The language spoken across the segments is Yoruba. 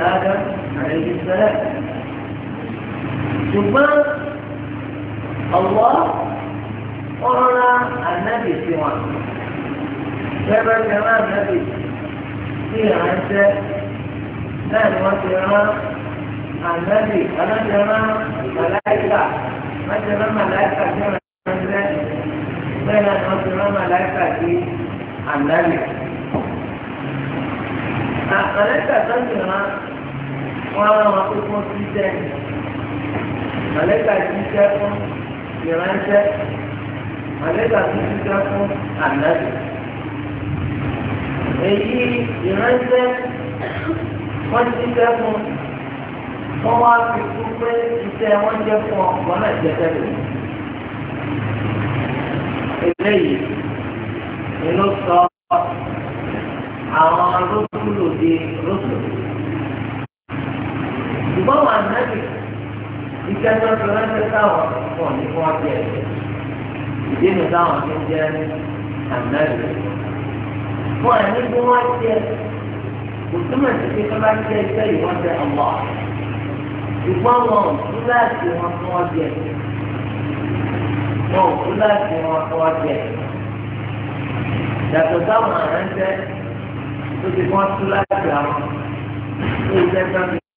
آدم عليه السلام ثم الله أرنا النبي سواه كما كما النبي في عنده لا نوتر النبي أنا جمع ملائكة ما جمع ملائكة جمع بين نوتر ملائكة في النبي أقلت تنجمع wọ́n á rán wọn pé wọ́n ti jẹ́ mọ̀lẹ́kà yìí jẹ́ fún ìránṣẹ́ mọ̀lẹ́kà yìí ti jẹ́ fún ànábì. èyí ìránṣẹ́ wọ́n ti jẹ́ fún wọ́n wá fi kú pé iṣẹ́ wọ́n jẹ́ fún ọ̀pọ̀ náà jẹ́ tẹ́lẹ̀. eléyìí ni sọ àwọn rọ́sùlù di rọ́sùlù ṣùgbọ́n wà nábì iṣẹ́ tó fi ránṣẹ́ táwọn pọ̀ ní fún ọ̀tẹ̀ ìdí mi táwọn ti ń jẹ́ ànábì. Fún àní bí wọ́n jẹ kò túmọ̀ sí pé tó bá jẹ iṣẹ́ ìwọ́n jẹ ọ̀pọ̀. Ṣùgbọ́n wọn ò tún láti wọn fún ọ̀tẹ̀. Wọn ò láti wọn fún ọ̀tẹ̀. Yàtọ̀ táwọn àrẹ́ńtẹ́ tó ti wọ́n tún láti àwọn tó jẹ́ sábẹ́.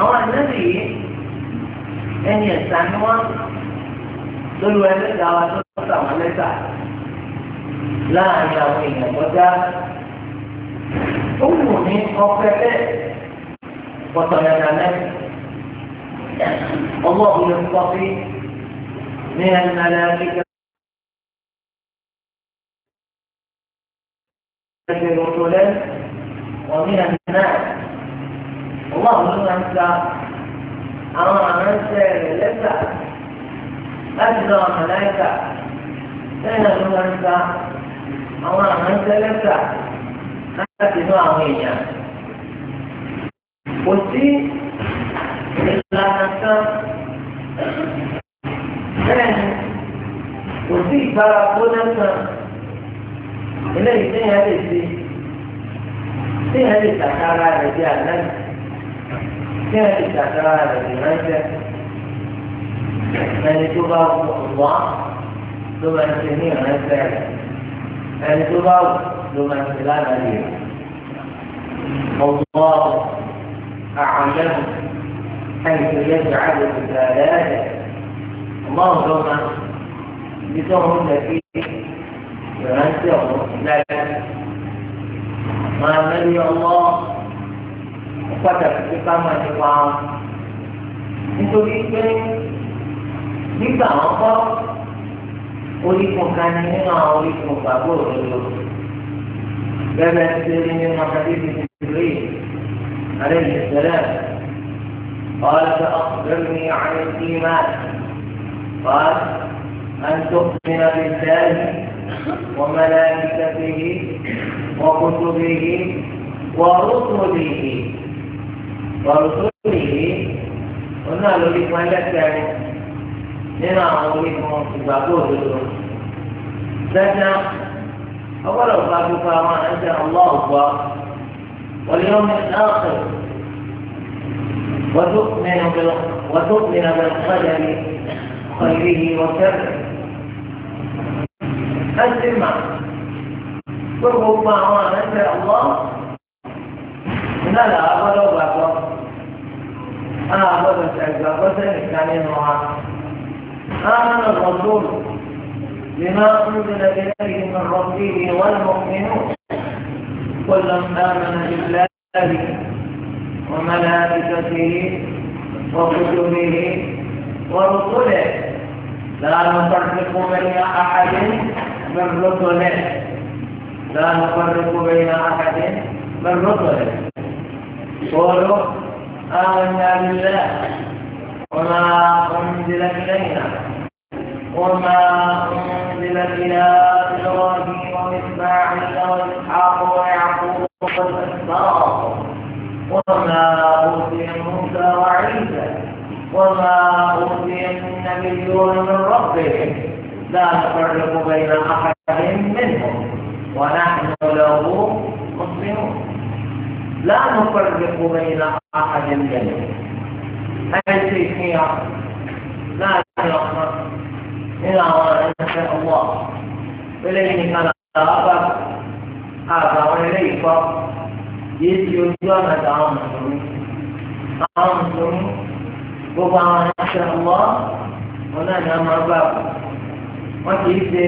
àwọn ànábì yìí ẹni ẹ̀sán ni wọ́n lórí ẹlẹ́dàá wa tó ń sàwọn lẹ́tà láàrin àwọn èèyàn tó dá ó wù ní ọpẹ́ bẹ́ẹ̀ pọ̀tọ̀ yàrá lẹ́yìn ọwọ́ òun ló ń kọ́ sí ní ẹni náà lẹ́yìn kíkẹ́. ومن الناس ọwọ́ àwọn ló máa ń ta àwọn àránṣẹ́ rẹ̀ lẹ́tà láti lọ àwọn àláìka bẹ́ẹ̀ náà ló máa ń ta àwọn àránṣẹ́ lẹ́tà láti lọ àwọn èèyàn. kò sí ìlànà kan bẹ́ẹ̀ kò sí ìgbára gbóná kan eléyìí téèyàn lè ṣe téèyàn lè tàkàrà rẹ̀ bí àlẹ́ yìí. ذلك قال لماذا أن تضاف الله ثم عن ذلك أن تضاف ثم كلام عليه الله أعلم حيث يجعل رسالاته اللهم بتهم التي ينزل ذلك ما مني الله pàtàkì pé ká máa nípa wọn nítorí pé nígbà wọn kọ́ oríkun kan ní nínú àwọn oríkun gbàgbọ́ òdodo bẹ́ẹ̀ ti rí nínú àdébí ìdílé àrẹ ìṣẹ̀lẹ̀ قال فأخبرني عن الإيمان قال أن تؤمن بالله وملائكته وكتبه ورسله ورسوله قلنا له لك ما لك لما أولكم تبعدوه سنة أولا قالوا فما أنزل الله واليوم الآخر وتؤمن بال... وتؤمن بالقدر خيره وشره أسمع ثم ما أنزل الله لا لا أولا أنا أعبدت أجابتك كلمها آمن الرسول بما أنزل إليه من ربه والمؤمنون كل آمن بالله وملائكته وكتبه ورسله لا نفرق بين أحد من رسله لا نفرق بين أحد من رسله قولوا آمنا بالله وما أنزل إلينا وما أنزل إلى إبراهيم وإسماعيل وإسحاق ويعقوب والأسباط وما أوتي موسى وعيسى وما أوتي النبيون من ربهم لا نفرق بين أحد منهم ونحن له مسلمون لا نفرق بين أحد منهم أي شيء فيها لا يرحمة إلا وأن شاء الله إليه كان أبا هذا وإليه فقط يجي يجوانا دعام àwọn ìṣòro gbogbo àwọn ẹ̀ṣẹ̀ ọ̀wọ́ wọn náà ní ọmọ ọgbà kù wọn kì í ṣe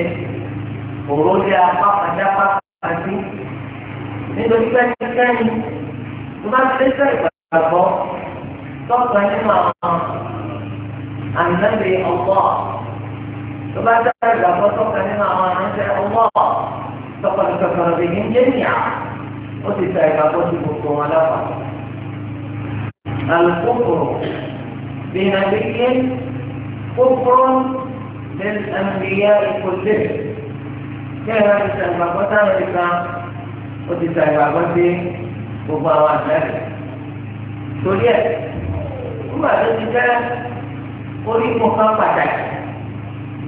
òró lé apá àjápá àti nítorí kẹ́kẹ́kẹ́ni tó bá fẹ́ sẹ́ ìgbàgbọ́ tọ́ka nínú àwọn ànábì ọ̀pọ̀ tó bá sẹ́ ìgbàgbọ́ tọ́ka nínú àwọn ànábì ọ̀pọ̀ tọ́ka ní kankan rẹ̀ ní jẹ́nìyà ó ti sẹ́ ìgbàgbọ́ tí gbogbo wọn lọ́pàá. الكفر بنبي كفر للأنبياء كلهم كما تسمى وتعرف ó ti ta ìgbàgbọ́ sí gbogbo àwọn àtẹ́rẹ̀ torí ẹ̀ nígbà tó ti jẹ́ orígun kan pàtàkì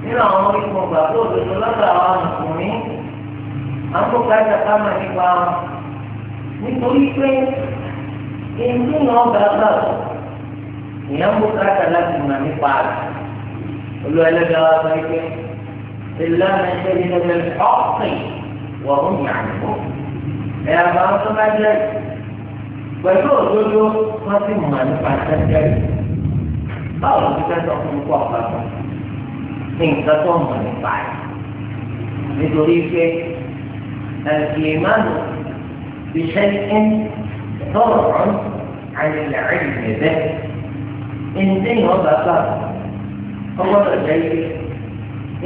nínú àwọn orígun gbàgbọ́ òdodo lọ́dọ̀ àwọn mùsùlùmí àwọn tó gba ìjàpá mà nípa wọn nítorí pé èmi náà gbàgbà ìyẹn mú káàkiri láti mà nípa rẹ̀ olú ẹlẹ́dàá wa sọ pé ìlànà ìṣẹ́yìn lẹ́gbẹ̀ẹ́ ọ̀sìn wọ̀ọ́mù yàrá ẹ̀ àbáwọn tó bá jẹ́ pẹ̀lú òdodo wọ́n ti mọ̀ nípa tẹ́tẹ́ rẹ̀ báwo ló ti fẹ́ sọ fún kó ọ̀pá kan ní nǹkan tó mọ̀ nípa rẹ̀ nítorí pé الإيمان بشيء فرع عن العلم به إن دين وبصر هو الشيء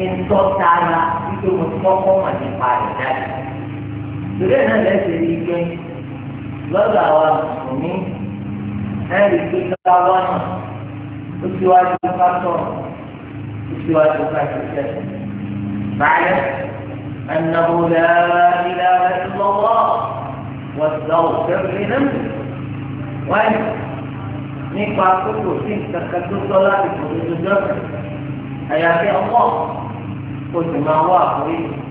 إن صوت على يكون مطلقا من قال ذلك ìrẹ́ náà lẹ́sẹ̀ rí pé lọ́dọ̀ àwa òní ẹ̀rí pé ká wá náà ó ti wá ju ká sọ̀rọ̀ ó ti wá ju ká ṣiṣẹ́ báyọ̀ ẹnàbó lẹ́ẹ̀rẹ́ ilẹ̀ rẹ̀ lọ́wọ́ wọ́n ti lọ́wọ́ fẹ́ẹ́ rí wáyé nípa kókò sí kankan tó sọ láti kò ní ojú ọ̀sẹ̀ àyàfi ọmọ kò sì máa wá àforíjì.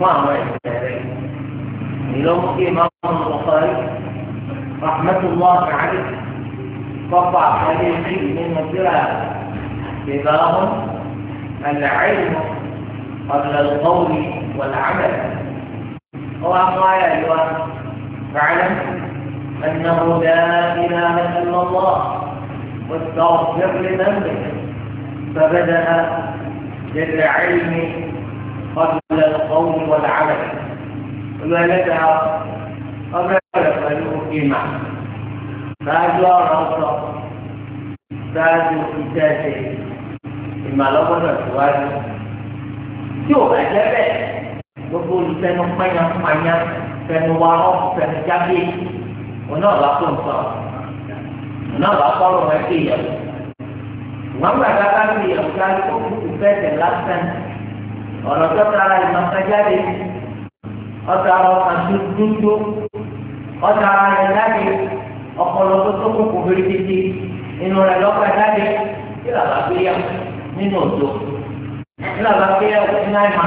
صار إلى الأخي مرحبا البخاري رحمة الله عليه رفع حديثي من مجرى كتاب العلم قبل القول والعمل هو قال أيها فعلم أنه لا إله إلا الله واستغفر لذنبك فبدأ بالعلم قبل القول والعمل وما لدى قبل قلوب الايمان في ذاته بعد لا الجواز بعد جابا وقول سنو مانيا مانيا سنو وارو سنو جابي ونو لا تنسى ونو لا تنسى ونو لا تنسى ونو لا تنسى ونو لا تنسى ونو لا تنسى ọ̀nà tó tara ìmọ̀sájáde ọ̀tara ọ̀kan tó dúdú ọ̀tara rẹ̀ jáde ọ̀pọ̀lọ tó tó kókò fèrèkìtì inú rẹ̀ lọ́kà jáde kí làbá gbéyà nínú òjò kí làbá gbéyà nínú àìmọ̀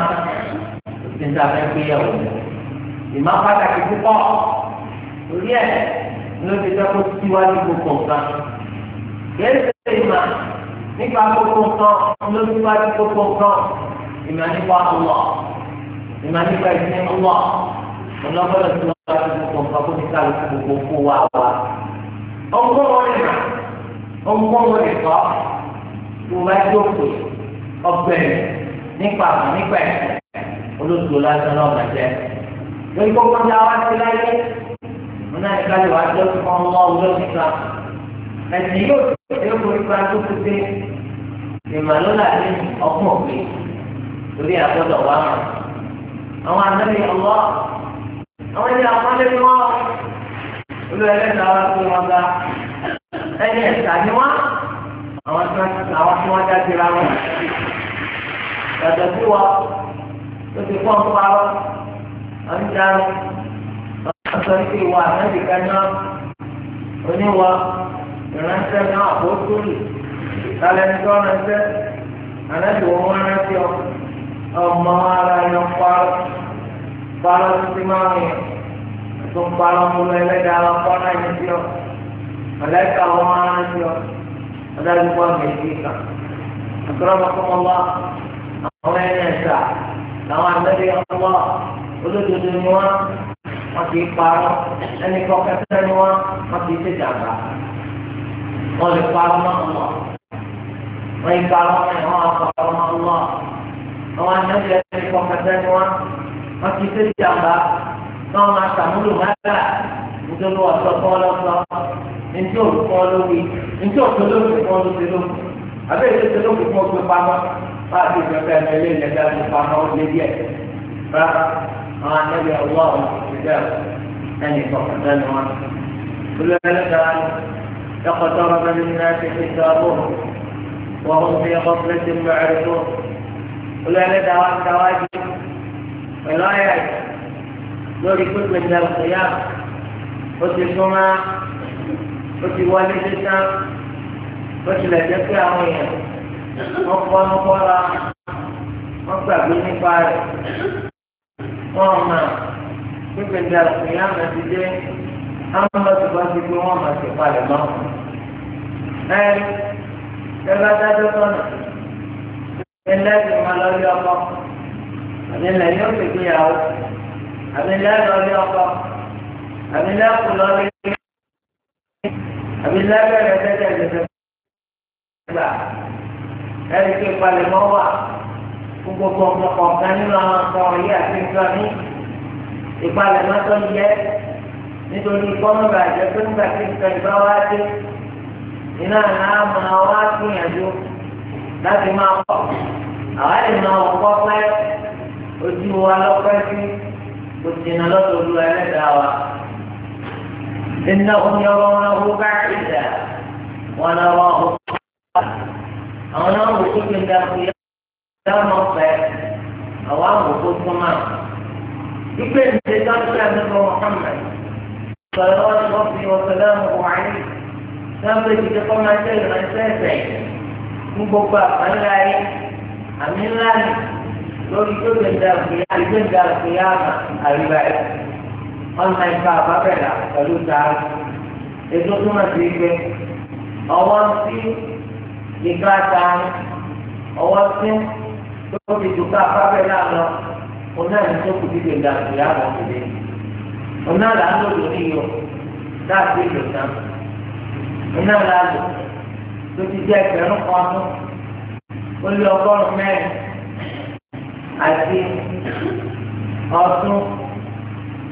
òsì ní abẹ́ gbéyà òjò ìmọ̀ pàtàkì púpọ̀ orí ẹ̀ ló ti dẹ́kun síwájú gbogbo nǹkan kí ẹ ṣe ìmọ̀ nípa gbogbo nǹkan ló síwájú gbogbo nǹkan ìmọ̀ nípa ọlọ́ ìmọ̀ nípa ìdílé ọlọ́ ọlọ́gbọ́dọ̀ tí wọ́n bá ti gbogbo nǹkan kó ní kálukú gbogbo fún wa wa. ọgbọ́n wọn lè rà ọgbọ́n wọn lè kọ́ tó bá tó pè ọgbẹ́ nípa àmọ́ nípa ẹ̀sìn olóṣù lásán náà máa jẹ́. lórí gbogbo ní àwọn ti láyé wọn náà ní kálí wàá jẹ́ fún ọmọ olóṣù kan. ẹ̀sìn yóò ṣe é kó tó ti dé ìmọ̀lọ́lá ní ọkùnrin torí àgbọ̀dọ̀ wá mọ̀ àwọn ànábì ọlọ́ àwọn ẹni àpọ́nlé ni wọ́n olú ẹlẹ́ta wá fún wọn bá ẹni ẹ̀ta ni wọ́n àwọn tí wọ́n tí wọ́n jáde ra wọn yàtọ̀ sí wa tó ti pọ̀ ń pa wọn wọ́n ń darí wọ́n sọ pé ìwà ànábì kan náà oníwà ìránṣẹ́ náà àbótólì kálẹ̀ ń tọ́ ránṣẹ́ ànábì wọn wọ́n ránṣẹ́ mengarahnya para para timangnya untuk para mulai dalam panah itu mereka orang itu ada dua mesika akramakumullah Allah, yang sah lawan dari Allah untuk dunia masih para ini kok dunia masih sejaga oleh para Allah oleh para Allah para Allah àwọn àyàn jẹ́ ẹ̀kọ́ kẹsẹ́ ni wọ́n wọ́n ti ṣe ìjàmbá náà máa ṣàmúlò mága nítorí wọ́n sọ fún ọlọ́sọ nítorí olùkọ́ lórí nítorí òkú lórí fún olùsè lórí àbẹ́ ìṣe ṣe lórí fún olùsè pamọ́ láti ìjọba ẹ̀mẹ́ ilé ìjọba ẹ̀mẹ́ pamọ́ ó lé díẹ̀ rárá àwọn àyàn jẹ́ ọwọ́ àwọn ìṣẹ̀dá ẹ̀kọ́ kẹsẹ́ ni wọ́n. اقترب للناس حسابهم وهم في غفلة معرفون olùyàlẹ́ dáwà dáwà jù pẹ̀lú àyà yìí lórí pípé ní àlùkòyà ó ti súnmọ́ ó ti wọlé sísan ó tilẹ̀ jẹ́ pé àwọn èèyàn wọ́n kọ́ ní kọ́ra wọ́n gbàgbé nípa rẹ̀ wọ́n mọ̀ pípé ní àlùkòyà náà ti dé àwọn ọmọdé bá ti gbé wọn máa ṣèpalẹ̀ mọ́ ẹ ẹ bá dájọ́ sọ́nà ẹlẹ́sìn máa lọ rí ọkọ àmì ilẹ̀ yóò fi gbéyàwó àmì ilẹ̀ lọ rí ọkọ àmì ilẹ̀ kù lọ rí àmì ilẹ̀ bẹ̀rẹ̀ tẹ́tẹ̀ tẹ́tẹ̀ gbà ẹ̀rí pé palẹ̀mọ́ wà gbogbo ọ̀kan nínú àwọn ọ̀kan wọ̀nyí àti nǹkan ní ìpalẹ̀mọ́ nítorí kọ́mọ̀bà àjẹpẹ́ nígbà tí nǹkan ìbá dé iná àná máa wá gbìyànjú. láti máa pọ̀ àwọn ènìyàn ọ̀pọ̀ pẹ́ ojú wa lọ́pẹ́ sí òjìnà lọ́dọ̀ olú ẹlẹ́dàá wa. إنهم يرونه بعيدا ونراه àwọn náà wò sókè ń dàpọ̀ yá dáná pẹ́ àwọn àwòkó tó máa ipe ìdílé dáńtí àdúgbò Muhammad sọ̀rọ̀ wọn ni wọ́n fi ọ̀sẹ̀ lẹ́nu wáyé sábẹ́ ìdílé kọ́ máa jẹ́ ìrìnàjò ẹ̀sẹ̀ yìí. ní gbogbo àpáńlá yìí àmì ńlá ni lórí tó lè da òkèèyà ìgbé da òkèèyà àmà àríwá ẹ̀ ọ̀nà ìfà àbábẹ̀là pẹ̀lú tààrà ètò tó máa ti gbé ọwọ́ sí ìgbà tààrà ọwọ́ sí tó fi dùkọ́ àbábẹ̀là lọ ọ̀nà ìtò kù ti lè da àmà òkèèyà ọ̀nà làálò lórí yọ láti ìlú náà ọ̀nà làálò ló ti jẹ́ ẹgbẹ̀rún kan ọdún ó lé ọgọ́rùn-ún mẹ́rin àti ọdún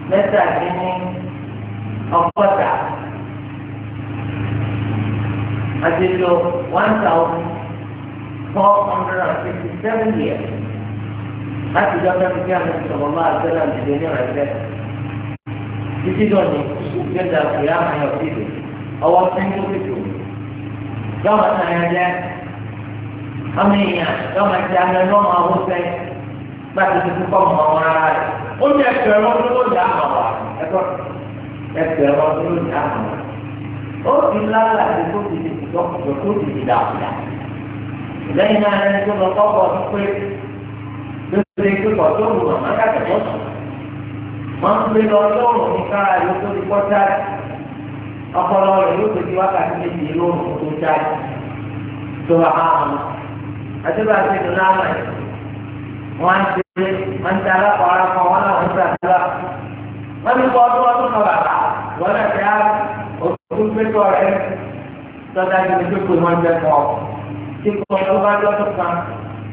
mẹ́tàdínní ọgọ́ta àti lo one thousand four hundred and fifty seven years láti dọ́kẹ́ fi kí àwọn ìṣòro máa gbẹ́dọ̀ ìdílé ní ọ̀rẹ́dẹ́ títí lónìí gbẹ́dọ̀ ìyá àwọn ẹ̀yọ́ ọwọ́ sẹ́yìn ló fi dùn yọ ọmọ sàn yẹn jẹ ọmọ èèyàn yọ ọmọ ti àná ní ọmọ ọhún sẹ láti fi kú kọ́mọ ọmọ ara rẹ ó ní ẹsẹ̀ ẹ̀rọ tó ló dà mọ̀ wá ẹ̀kọ́ ẹsẹ̀ ẹ̀rọ tó ló dà mọ̀ wá ó ti lálà tó tó ti ti tó tó tó ti ti dà lẹ́yìn náà ẹni tó lọ kọ́kọ́ tó pé lóṣèlú pípọ̀ tó lù wọ́n má dàgbẹ́ mọ́tò wọ́n ń pè lọ lọ́rùn ní kára ọpọlọ rẹ̀ yóò pèsè wákàtí méjì lóòrùn tó jáde tó wà á hàn àtúbà ṣe dùn láàmà yìí wọ́n á ṣe máa ń ta alákọ̀ ara kan wọ́n náà ń ṣàdúrà wọ́n ní kọ́ ọdún ọdún kan bàbá wọ́n náà ṣe á òkú pẹ́tọ́ rẹ̀ tọ́jà ní ojú pé wọ́n jẹ́ kọ́ tí kò tó bá lọ́dún kan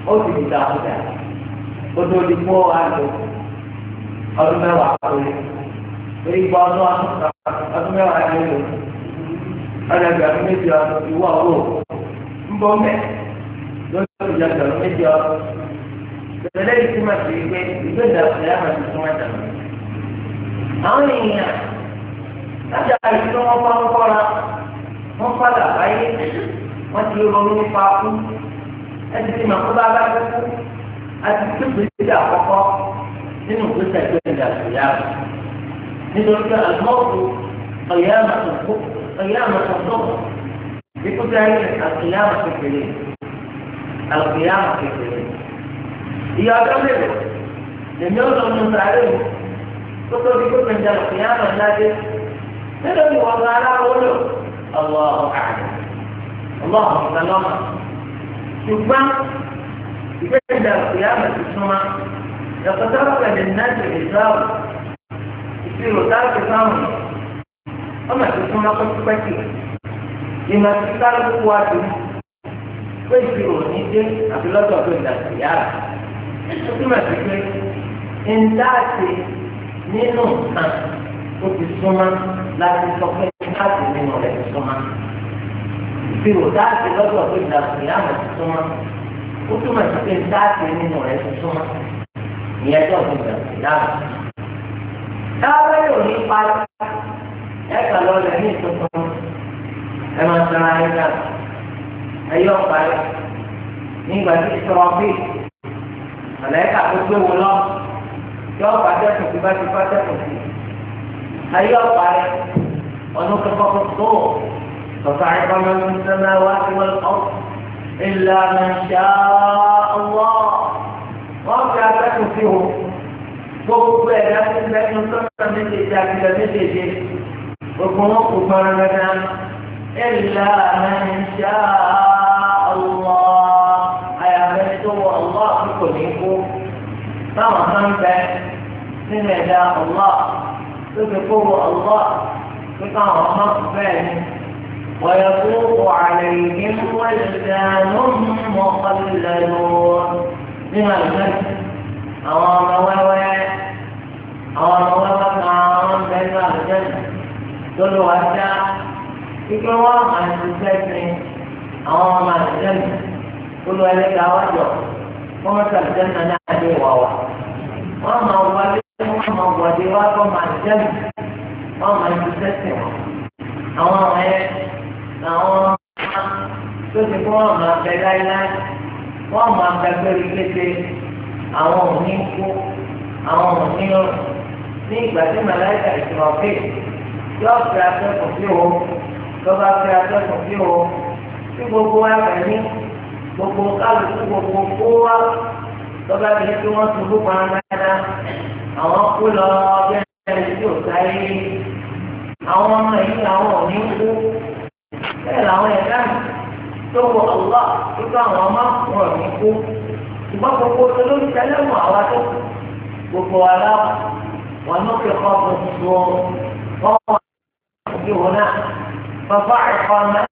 ó sì ní ìdàkúdà ó tó di àlò ọdún mẹ́wàá kò lè ọdún ọdún kan ọdún mẹ́wàá ní ìlú ọ̀dàbí ọdún méjì ọdún ìwọ ọ̀rọ̀ ń bọ́ mẹ́ lórí ìjà ọdún méjì ọdún tẹ̀lé ìtumọ̀ sí pé ìgbé ìdàpọ̀ yà máa ti súnmọ́ ìjà lọ. àwọn èèyàn láti àyè tí wọ́n bá ń kọ́ra wọ́n padà báyé wọ́n ti ronú nípa kú ẹni tí màá kó bá bá kú àti tó gbèsè àkọ́kọ́ nínú ìgbésẹ̀ tó ìdàpọ̀ yà نقول الموت قيامة الظهر قيامة الظهر بكل ذلك القيامة في الليل القيامة في الليل هي أكمل لم يوضع من تعليمه تقول بكل من جال القيامة لكن فلم يوضع لا أقوله الله أعلم الله سلامة شوفا بكل القيامة في السماء يتطرق للناس الإسلام ti rò táàkì ọmọ ti fún lọ́kọ́ pẹ́kì ìmọ̀ ti táàkì wá sí pé ìṣirò ní dé àti lọ́dọ̀ tó ń dàgbà yára ó túmọ̀ sí pé ń nínú nǹkan ó ti súnmọ́ láti sọ pé dáàtì nínú rẹ̀ ti súnmọ́ ìṣirò dáàtì lọ́dọ̀ tó ń dàgbà yára ti súnmọ́ ó túmọ̀ sí pé dáàtì nínú rẹ̀ ti súnmọ́ ìyẹn tó ń dàgbà yára káwé yóò ní parí ẹ kà lọ rẹ ní ìtọ́kùn ẹ máa tẹ ara yín náà ẹ yọ parí nígbà tí sọ bí ọ̀nà ẹ̀ka tó gbé wọn lọ yọ pàdé tó ti bá ti bá tó ti ẹ yọ parí ọ̀nà kọ́kọ́ tó tọ́ka ẹ̀ka máa ń sẹ́nà wá sí wọn kọ́ ìlànà ìṣá ọwọ́. gbogbo ẹ̀dá ti lẹ́nu sọ́nà méjèèjì àtìlẹ́ méjèèjì gbogbo wọn kò gbọ́n dandan ẹ̀là àmàlẹ́ṣà ọ̀wọ́ àyàfẹ́ tó wọ ọ̀wọ́ àkókò ní kú táwọn kan bẹ nínú ẹ̀dá ọ̀wọ́ tó ti kó wọ ọ̀wọ́ tó káwọn ọmọ bẹ́ẹ̀ ni. ويطوف عليهم ولدان مخلدون من المسجد àwọn ọmọ wẹ́wẹ́ àwọn ọmọ wẹ́wẹ́ kan wọ́n bẹ́ẹ̀ ní àlùjẹ́nà tó ló wá dá ike wọ́n máa ń ṣiṣẹ́ sí àwọn ọmọ àlùjẹ́nà tó ló ẹlẹ́gà wájọ wọ́n mọ̀ sí àlùjẹ́nà náà ní ìwà wa wọ́n máa wọlé wọ́n máa wọlé wá kọ́ máa àlùjẹ́nà wọ́n máa ń sí àwọn ọmọ yẹn làwọn tó ti kó wọn máa bẹ láíláí wọ́n máa bẹ gbẹ́rù kété àwọn òní kú àwọn òní rùn ní ìgbà tí màláìka ìsìnkọ̀fẹ́ yóò fẹ́ atẹ́kùn sí o lọ́ba fẹ́ atẹ́kùn sí o tí gbogbo wa kàn ní gbogbo kálukú gbogbo kó wa lọ́ba fi kí wọ́n tún lópa dáadáa àwọn kú lọ bí ẹni tí ò sáyé àwọn ọmọ yìí làwọn òní kú bẹ́ẹ̀ làwọn ẹ̀dá tó wọ ọ̀lá tó bá àwọn ọmọ wọn ní kú ṣùgbọ́n gbogbo olórí tẹlẹ́mù àwa tó gbogbo ara wọn ló fi kọ́ gbogbo wọn wà ní òun náà bàbá ẹ̀kọ́ náà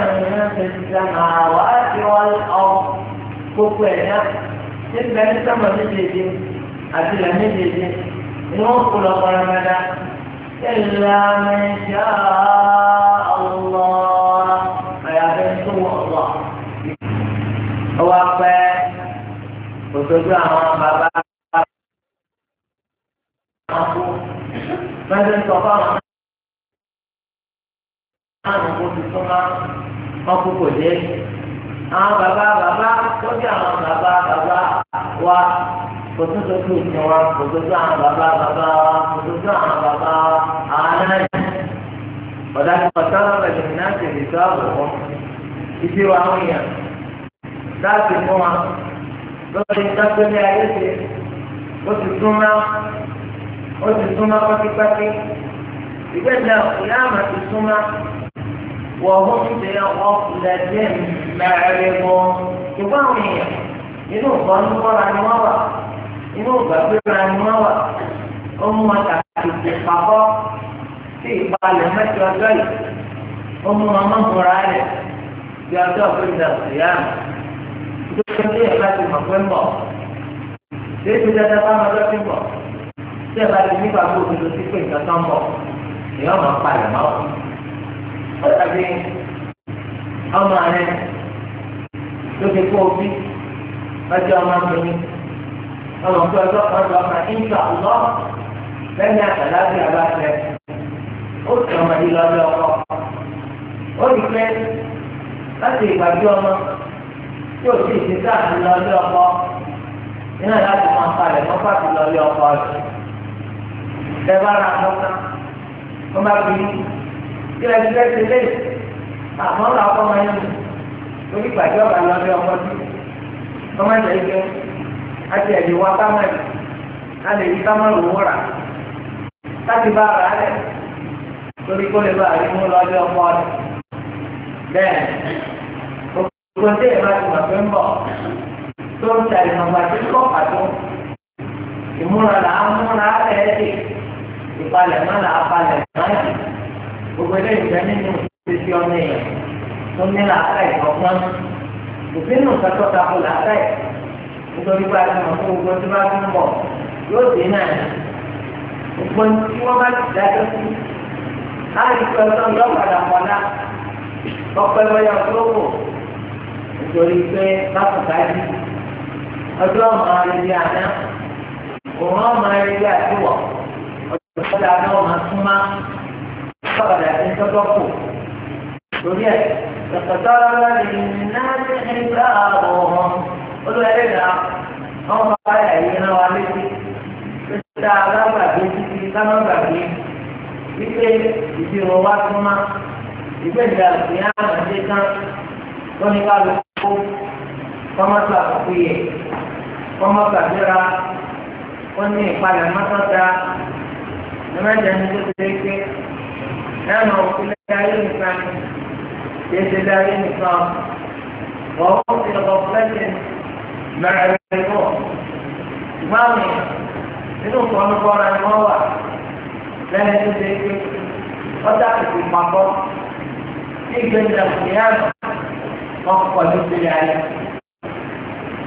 ẹ̀yìn ṣe ti ṣe máa wá sí kò àwọn bàbá àwọn kú mẹ́tẹ́ sọ fáwọn àwọn kò ti súnmọ́ wọn kú kò dé àwọn bàbá bàbá sojú àwọn bàbá bàbá wa kò tún sojú ìtì wa kò sojú àwọn bàbá bàbá wa kò sojú àwọn bàbá wa àwọn náà ọ̀dà tí wọ́n sábà bẹ̀rẹ̀ ní láti lè sọ àbọ̀ wọn ìdí wa ń yàn láti fún wa. lórí dágbélé ayé ṣe ó ti súnmọ́ ó ti súnmọ́ pátípátí ìgbẹ́ náà ìyá àmà ti súnmọ́ wọ́n ó ń ṣe ọkùnrin díẹ̀ láàárín wọn ṣùgbọ́n àwọn èèyàn inú ìbọn ní wọ́ra ni wọ́n wà inú ìgbàgbéra ni wọ́n wà ó mú wọn kàkàkì ìpàkọ́ sí ìpalẹ̀ mẹ́tì ọjọ́ yìí ó mú wọn mọ́ múra rẹ̀ bí ọjọ́ òfin dàgbé yá mi. ìjọba ní ẹ̀ka ti mọ̀ pé ń bọ̀ ṣé ìpè dáadáa bá máa lọ́ọ́ ti bọ̀ ṣé ẹ̀ka ti nípa tó òdodo sí pé nǹkan tán bọ̀ èèyàn máa pa ìyàmá wọn. ó dàbí ọmọ rẹ ló ti kó omi lọ́jọ́ ọmọ mi ọmọ tó ọjọ́ kan lọ ọmọ ìjà ọlọ́ lẹ́yìn àtàlá bí a ó sì ọmọ yìí lọ́ọ́ lọ́kọ́ ó rí pé láti ìgbàgbé ọmọ tí o sì ti sáà ti lọ ilé ọkọ iná láti máa palẹ̀ mọ́ pàtó lọ ilé ọkọ rẹ̀. Ẹ bá ra àkọ́kọ́ wọ́n bá fi kí ẹ ti lẹ́sẹ̀ lé àmọ́ ọ̀la ọkọ máa yẹn lórí ìpàdé ọ̀la lọ ilé ọkọ sí. Wọ́n máa jẹ́ ike àti ẹ̀dín wa kámẹ́rì a lè yí kámẹ́rì owó rà láti bá ara rẹ̀ lórí kó lè bá àrímú lọ ilé ọkọ rẹ̀. Bẹ́ẹ̀ Ìgbọ̀nsẹ̀ ẹ̀ máa ti mọ̀ pé ń bọ̀ tó ń ta ìmọ̀gbà tí ń kọ́ pàtó. Ìmúra là á múra rẹ̀ dé. Ìpalẹ̀ má là á palẹ̀ má dé. Gbogbo ilé ìfẹ́ nínú ìṣesí ọmọ èèyàn tó ní làákà ìgbọ̀ngbọ́n. Òfin nù kẹ́kọ̀ọ́ ta kó làákà ẹ̀. Nítorí pé a ti mọ̀ pé gbogbo tí bá ti ń bọ̀ yóò dé náà. Gbogbo tí wọ́n bá ti dájọ́ sí. Láì pẹ́ ọlọ́run lọ́pàdà pọ̀dá. Ọpẹ́ lọ́yà olóko nítorí pé bákùnká jì ọjọ́ máa rí bí àná òun náà máa rí bí àtiwọ̀ ọjọ́ ìgbàlá náà máa súnmá sábàdà tí ń tọ́jọ́ kù lórí ẹ̀ tọ̀tọ̀tọ̀rọ̀ lọ́ọ̀lì náà ti ń gbà ààbọ̀ olùwẹ̀lẹ̀ náà wọ́n bá báyà yìí náà wá létí pé tá a bá gbàgbé títí ká má gbàgbé wípé ìdí wọn wá súnmá ìgbéǹda ìyá àmàdé kan lóníkàlùkù wọ́n má tó àkókò yẹ wọ́n má gbàdúrà wọ́n ní ìpadà mọ́tọ́ta lọ́mọdé ẹni tó ti léke lẹ́nu òkú lẹ́yìn nìkan kéde lẹ́yìn nìkan wọ́n ti lọ́kọ̀ fúlẹ́sìn mẹ́rin lẹ́kọ̀ọ́ ìmáàmì nínú kọ́nùkọ́ra ni wọ́n wà lẹ́nu tó ti léke wọ́n dàbí ìpamọ́ ní ìgbésẹ̀ ìyá náà ọkọ̀ ní ìpele ayé.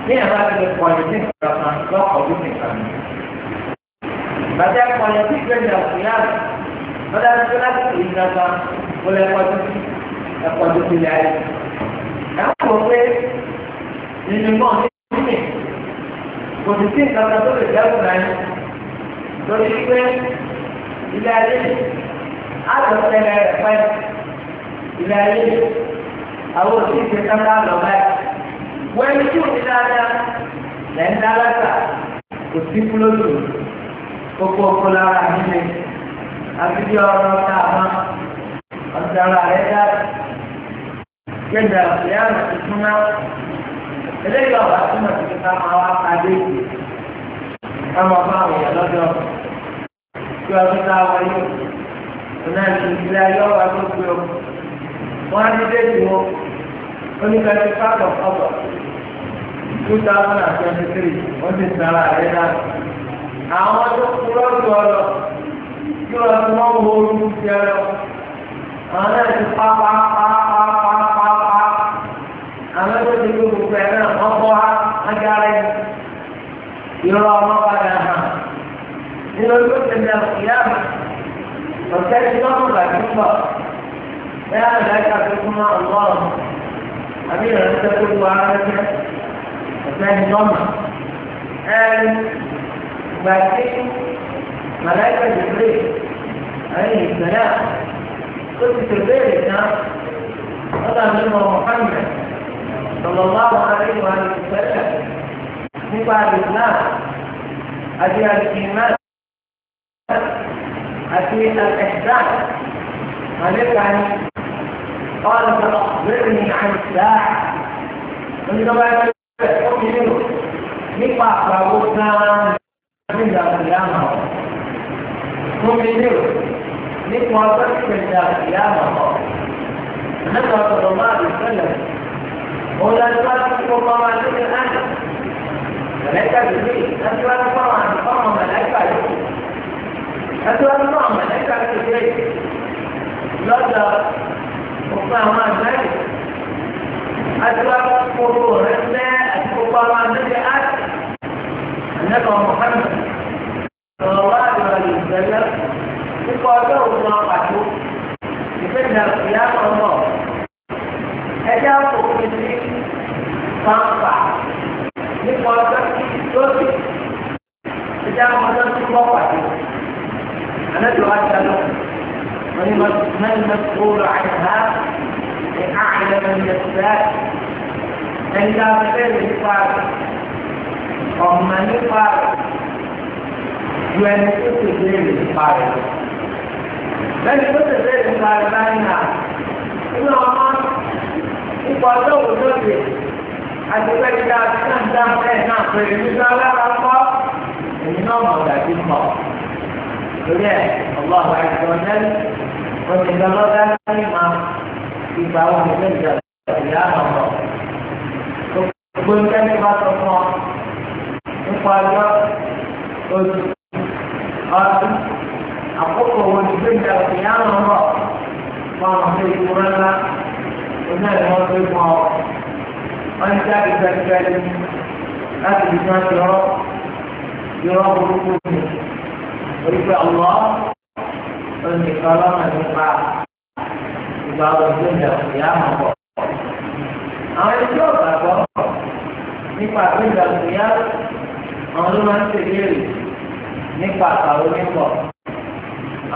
Ní ẹ̀rọ àti ìkọ̀yìn sí ìkọ̀ọ̀kan lọ́kọ̀ ọdún nìkan. Bàtà ìkọ̀yìn sí ìgbẹ́ni àkùnyàrá lọ́dà tó láti pè é nàgbà ó lè kọjú sí ẹ̀kọ́ tó ìpele ayé. Ẹ̀kọ́ wọ pé nínú náà ní ìpínlẹ̀ kò sì sí ìkọ̀ọ̀kan tó lè dẹ́kun náà yẹn. Lórí pé ilé ayé àtọ̀tẹ̀lẹ̀ rẹ̀ ilé ayé àwọn òsì ti sábà lọ báyìí wọ́n ẹni tí òsì dáadáa lẹ́ ń dáláta kò sí fúlọ́dù kókó ọkọ lára nílé àbíjọ ọ̀rọ̀ tá a mọ́ ọ̀sẹ̀ ara rẹ̀ dá gbẹ̀dà ìyá rẹ̀ tuntun náà eléyìí ọ̀rọ̀ àtúmọ̀ tuntun ká máa wá adé ìgbè ká máa bá lọ́dọ̀ kí ọdún tá a wọlé ọ̀nà ìṣèjìlá yọ̀ wá tó gbé ọkọ̀ wọ́n á ní déètì wọn ó ní kẹ́kẹ́ káàbọ̀ ọ̀bọ̀ two thousand and twenty three wọ́n ti sara rẹ̀ náà àwọn tó kúrọ́ ju ọlọ kí wọ́n ti wọ́n wo orúkú ti ẹ lọ àwọn náà ti pa pa pa pa pa pa pa àwọn tó ti gbogbo ẹ̀ náà wọ́n bọ́ wá wọ́n ẹ̀ ìrọ̀ ọmọ padà hàn nínú tó ti dẹ̀ ìyá ọ̀sẹ̀ tí wọ́n mọ̀ bàtí bọ̀. لا لا يعرفكما الله أمير أن تقول وعادك وثاني ضمع قال وبعدين ملائكة جبريل عليه السلام قصة البيت طلع نعم. منه محمد صلى الله عليه وسلم من بعد الإسلام أتي الإيمان أتي الإحسان عليك عن قال فأخبرني عن الساعة من رواية الحكم منه نقع رابطنا من دار القيامة هم منه نقع رابطنا من دار القيامة نقع صلى الله عليه وسلم هو لا يقال الله عليه الآن ملائكة جبريل أنت لا تسمع عن قرن ملائكة جبريل أنت لا تسمع عن ملائكة جبريل لذا ọ̀pọ̀ àwọn àgbáyé àti wá gbogbo rẹ̀ fẹ́ àti gbogbo àwọn àgbáyé àti ànẹ́kọ̀ Muhammad sọ̀rọ̀ wá àgbà lè gbẹ̀lẹ́ púpọ̀ ọjọ́ òun máa pàtó ìgbẹ́jà ìyá kan náà ẹjẹ́ àpòkùn sí pàǹpà nípa ọjọ́ lóṣù ẹjẹ́ àwọn ọjọ́ tó wọ́pàá ànẹ́kọ̀ wá ti dáná. ما المسؤول عنها أعلم النساء إلا بخير الفرد أم الفار ينقص يعني غير الفار بل قص غير الفار بينها إن عمان ìpàdé òjòjì àtìgbẹ́ ìdá àti náà dá ẹ̀ náà pẹ̀lú ìdá alára pa èyí lórí ẹ̀ ọlọ́wọ́ àìsàn ọ̀dẹ́ wọ́n ti lọ lọ́dá ní ma ìgbà wọn ní ilé ìjọba ìyá àmọ̀ gbogbo nígbà tí wọ́n sọ fún ọ nípa ọjọ́ oṣù ọdún àkókò wo ni ilé ìjọba ìyá àmọ̀ wọn wọn fi ìkúrẹ́ ńlá oní ẹ̀ wọ́n fi mọ́ ọ wọ́n ti jáde gbẹgbẹ́ láti fi tí wọ́n ti rọ́ burúkú ni oríṣi ọmọ oníkan lọ́nà nípa ìgbà ọdún ìjà ìyá àmọ́ pọ̀. àwọn ẹni tí ọ̀gá gbọ́ nípa ìjà ìyá àwọn ló máa ń ṣe léèrè nípa àtàwọn onípọ̀.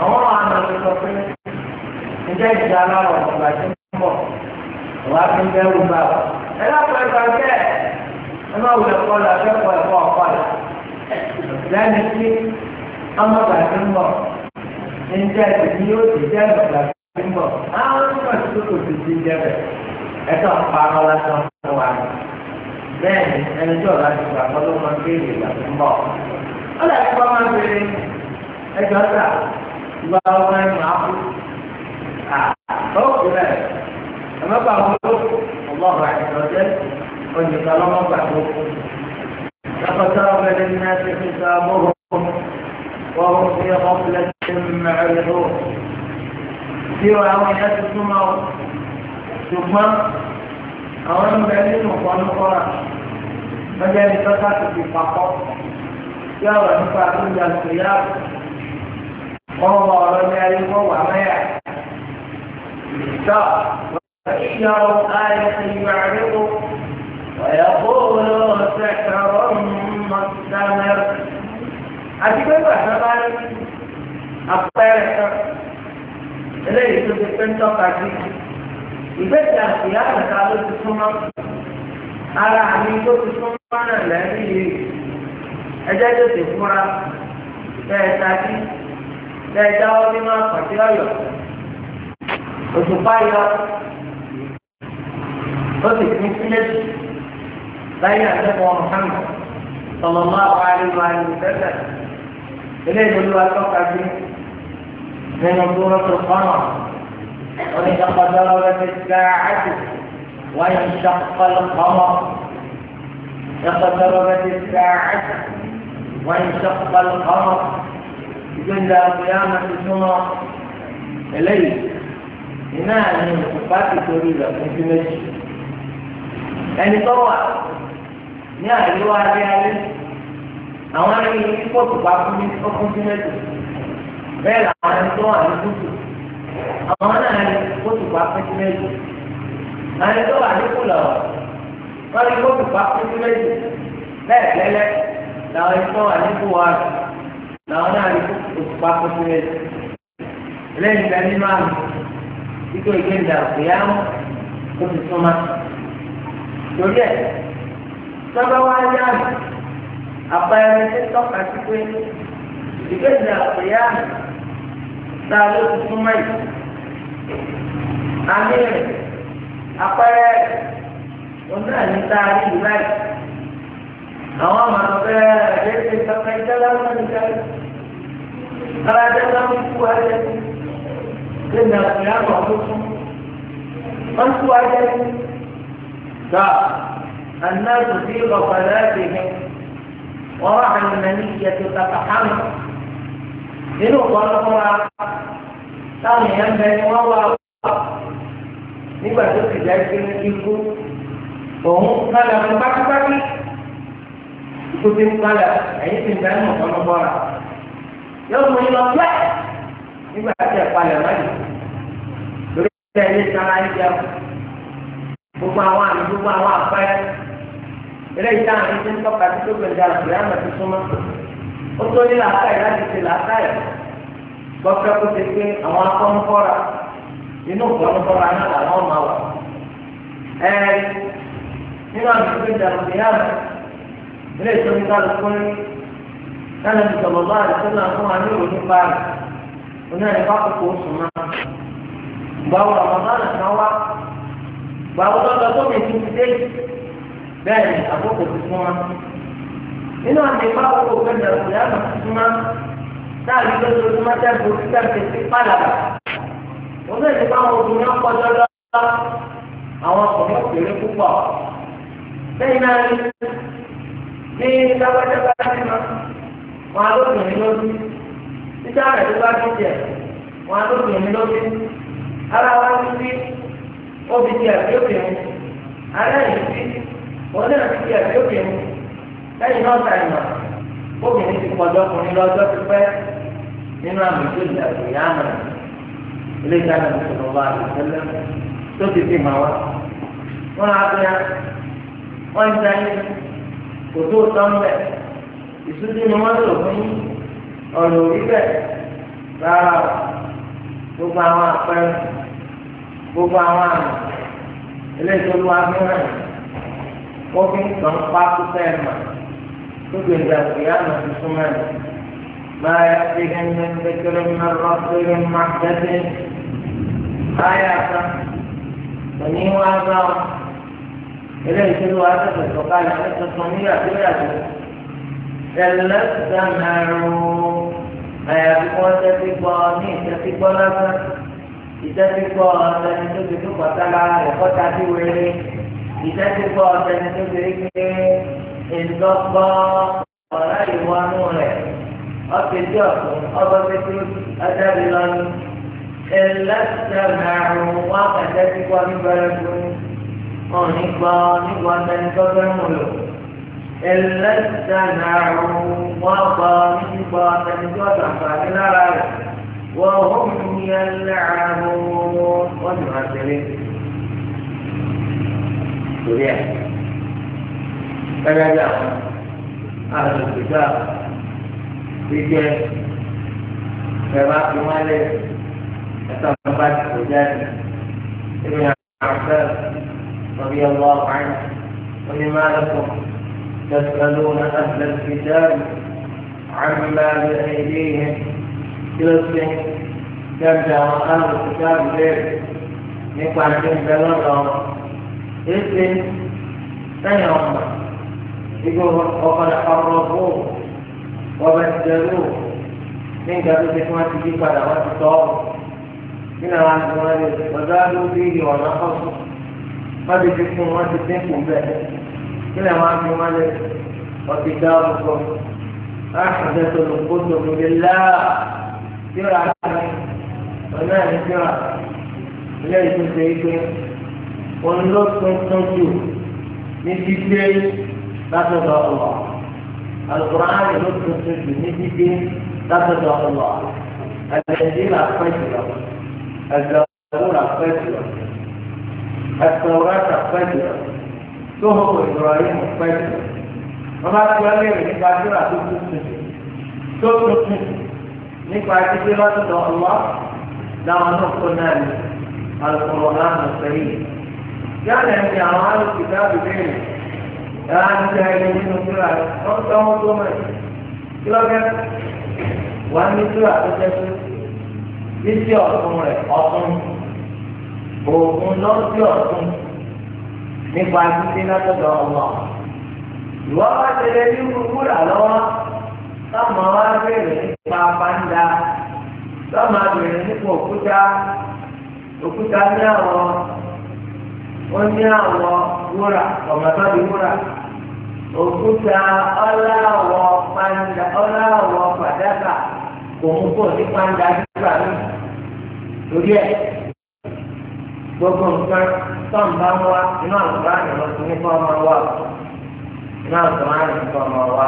àwọn àna ló sọ pé ǹjẹ́ ìjà aláwọ̀ ọ̀gbà tí ń bọ̀ wàá fi ń bẹ́rù bá wa. ẹ lápò ẹgbàá bẹ́ẹ̀ ẹ má wulẹ̀ kọ́ la fẹ́ ẹ̀kọ́ ọ̀kọ́ la lẹ́ni tí ọmọdé àti ń bọ̀ níjẹ́ ìdí yóò ti jẹ́ ìgbàgbọ́ àti ń bọ̀ àwọn ọmọ tó kò ti ti jẹ́ bẹ̀ ẹ̀tọ́ ń pa ọmọ lásán fún wa bẹ́ẹ̀ ni ẹni tí ọ̀la ti gbà kọ́ ló máa ń béèrè ìgbà tó ń bọ̀ ó lè kọ́ máa béèrè ẹjọ́ sà ìgbà ọmọ ẹ̀ máa kú àtọ́kù rẹ̀ ẹ̀mẹ́gbà wọn ló ọlọ́run àìsọ̀jẹ́ ọ̀yìnbá lọ́mọ́gbà وهو في غفلة معرضون سوى أولاد السمر ثم أولا بعدين وقال القرآن مجال فتاة في فقط يا رفع كل الخيار والله لم يعرف وما يعرف ويشعر آية يعرض ويقول سحر مستمر àti pé bàtà bá ní àpẹẹrẹ kan eléyìí tó ti pé ń tọ́ka sí ìgbésẹ̀ àtìyá àtàkà ló ti súnmọ́ ara àmì tó ti súnmọ́ náà lẹ́yìn yìí ẹjẹ́ tó ti fúnra lẹ́ẹ̀ta sí lẹ́ẹ̀ta ó ní máa pàṣẹ ọ̀yọ́ òṣùpá yọ ó sì pín sí méjì láyé àtẹ́kọ̀ọ́ Muhammad sọlọ́mọ́ àwọn àríwá àríwá tẹ́lẹ̀. إليه بلوى توقع فيه زي منظورة القمر وإذا قدرت الساعة وانشق القمر اقتربت الساعة وانشق القمر جل قيامة الجمعة إليه هنا من صفات الكريمة في مجد يعني طوال يا أيها الأهل àwọn arìnrìn ní pọ́ọ̀tù bá fún ní ọkùnjúmẹ́tò bẹ́ẹ̀ làwọn ẹni tó wà ní kùtù àwọn náà ní pọ́ọ̀tù bá fún júmẹ́tò àwọn tó wà ní kùlọ̀ wọ́n ní pọ́ọ̀tù bá fún júmẹ́tò bẹ́ẹ̀ gẹ́lẹ́ làwọn ẹni tó wà ní kùwà làwọn náà ní pọ́ọ̀tù bá fún júmẹ́tò lẹ́yìn ìgbà nínú àmì títí ìgbé ìdá òkèèyà mọ́ ó súnmọ́ torí ẹ̀ sábà wá yá àpẹẹrẹ tí tọ́ka sí pé ìgbésẹ̀ àpẹyà ta ló ti fún mọ́ yìí. àmì rẹ̀ àpẹẹrẹ ọ̀nà níta rí ìlú láì. àwọn àmọ̀ àpẹẹrẹ àjẹ́ ti tọ́ka ìjọba wọn níta rí. ara jẹ́ láwọn ikú ajẹ́ sí. ìgbésẹ̀ àpẹyà kọ̀ ló fún. wọ́n tú ajẹ́ sí. gbà àná tòbí ọ̀pọ̀ aláàbẹ̀ وراء المنية تتحمل nínú ọ̀pọ̀lọpọ̀ra táwọn èèyàn bẹ ni wọ́n wá wà nígbà tó ti jẹ́ pé ikú òun kálẹ̀ fún pátápátá ikú ti ń kálẹ̀ ẹ̀yìn ti ń bẹ ní ọ̀pọ̀lọpọ̀ra yóò mú yín lọ pẹ́ nígbà tí ẹ̀ eléyìí táwọn ẹni tí ń tọ́ka sí tó gbẹ̀dẹ̀ àgbẹ̀ àmọ̀ ti súnmọ́ ó tó ní làákàyè láti ṣe làákàyè gbọ́dọ̀ kó ṣe pé àwọn akọ́nukọ́ra inú ìfọ̀nukọ́ra náà làwọn máa wà ẹ̀ẹ́ nínú àmì tó gbẹ̀dẹ̀ àgbẹ̀ àmọ̀ eléyìí tó ní kálukú ní kálẹ̀ ti sọ̀rọ̀ bá àdìsí náà fún wa ní ìròyìn bá rẹ̀ oní ẹ̀rẹ́ bá kókó oṣù máa gbàwọ̀ àmọ̀ bá nà bẹ́ẹ̀ ni àkókò ti fún wa nínú àti ìpá àkókò gbẹdẹ òkè àmà ti fún wa náà ní lóṣù tó má jẹ́ borí tẹ̀sí sí pàlàbà mo bẹ́ẹ̀ ni báwọn obìnrin ọkọ̀ jọjọ àwọn ọkùnrin òkèèrè púpọ̀ bẹ́ẹ̀ náà ní ní lágbájábá sí ma wọn alóbìnrin lóbi títí àgbẹ̀ tó ti jẹ wọn alóbìnrin lóbi ara wa ti fi obìnrin àti obìnrin aláìsí wọn náà ti di ẹbí obìnrin lẹ́yìn náà ta ìmọ̀ obìnrin ti pọjọ ọkùnrin lọ́jọ́ pípẹ́ nínú àmì tó lè àgbè yá àmì ilé ìdáná ìṣòro wa àti ìṣẹ̀lẹ̀ tó ti fi mà wá wọn á fi hàn wọn ń ta yín kò tó sọmbẹ ìṣúdí ni wọn lò fún yín òrí bẹ́ẹ̀ rárá gbogbo àwọn àpẹẹrẹ gbogbo àwọn àmì ilé ìṣòro wa fi hàn yín wọ́n fi ń kàn pa kúta ẹ̀ mà nígbà ìgbà ìyá àmà tuntun mẹ́rin máa yà sí ẹni kékeré máa rọ kéré máa dẹ́sẹ̀ máyà kan òní wá bá wọn ilé ìṣèlú wa tẹ̀sẹ̀ sọ̀kalẹ̀ ní tuntun ní àdúràdú ẹlẹ́sìdámẹ́rù àyàfi wọn tẹ́tí gbọ́ ní ìtẹ́tí gbọ́ lásán ìtẹ́tí gbọ́ ọ̀sẹ̀ ní tó ti tó pàtàkì ẹ̀kọ́ tá a ti بشكل قاعدة تدرك الضبة ورأي ونوره أكل جاكم أضبتك أدبلا إلا استمعوا وقتك ومباركم ونقبى نقبى تنكبر ملوك إلا استمعوا وقتك وتنكبر ملوك وهم يلعبون ومعسلين torí ẹ̀ ẹ̀rẹ́dà àlùkùdà gbígbẹ́ ẹ̀rọ àfimálẹ̀ ẹ̀sàmùbá ti kò jáde ẹ̀rọ àfẹ́ ọ̀bí ọlọ́ ọ̀páyìn onímọ̀ àlùkù تسألون أهل الكتاب عما بأيديهم فلسطين كم جاء أهل الكتاب ذلك نقع في بلغهم èsè sẹ́yìn ọ̀gbà igbó ọ̀kadà ọ̀rọ̀fó ọ̀bẹ ìdẹ̀rù ní nǹkan tó ti fún wa ti yí padà wá ti tọ́ nínú àwọn àgbọn rẹ̀ ọ̀dọ́ àdúgbò yìí ọ̀nà ọ̀sùn wọ́n ti fi fún wọn ti dínkù bẹ́ẹ̀ nínú àwọn àgbọn rẹ̀ ọ̀ti dá ọ̀gbọ̀n láàrín ìdẹ́tọ̀lù kótó lórí láà síra àgbọn ọ̀nà ìdíra ilé ìtúnṣe ìgbẹ́ ọlọ́pẹ̀tàn jù ní gbígbé látọ̀dọ̀ ọ̀lọ́ alukóraani ló tuntun jù ní gbígbé látọ̀dọ̀ ọ̀lọ́ ẹ̀ẹ́dì là pẹ́ jùlọ ẹ̀dọ̀wó là pẹ́ jùlọ ẹ̀sọ̀wó là pẹ́ jùlọ tó hàn wò ìrọ̀ yìí mọ̀ pẹ́ jùlọ wọ́n bá ti wọlé rẹ̀ nípa jùlọ tó tuntun jù tó tuntun jù nípa gbígbé látọ̀dọ̀ ọ̀lọ́ làwọn náà kó náà ní alukóraani ló pẹ́ yálẹ̀ ní àwọn arúgbó dábì bẹ́ẹ̀ ẹ̀rọ àti ẹni nínú kíra ọ̀tọ̀ wọn tó mọ̀ kílọ́gẹ́ wà ní kíra tó jẹ́ pé títí ọ̀tún rẹ̀ ọ̀tún òògùn lọ́sí ọ̀tún nípa títí látọ̀dọ̀ ọmọ ìwọ́ bá tẹ̀lé ní kúkúrà lọ́wọ́ sọ́mọ wá bèrè nípa pàǹdà sọ́mọ bèrè nípa òkúta òkúta ní àwọn wọ́n ní àwọn wúrà ọ̀gbàtọ́ di wúrà òkúta ọláwọ̀ pàdà ọláwọ̀ pàdákà kò mú pọ̀ sí pàdà nígbà mí lórí ẹ̀ gbogbo nǹkan tọ́ǹbà ń wá inú àlùbá àyànmọ́ sí ní kọ́ ọmọ wa inú àlùbá àyànmọ́ sí ọmọ wa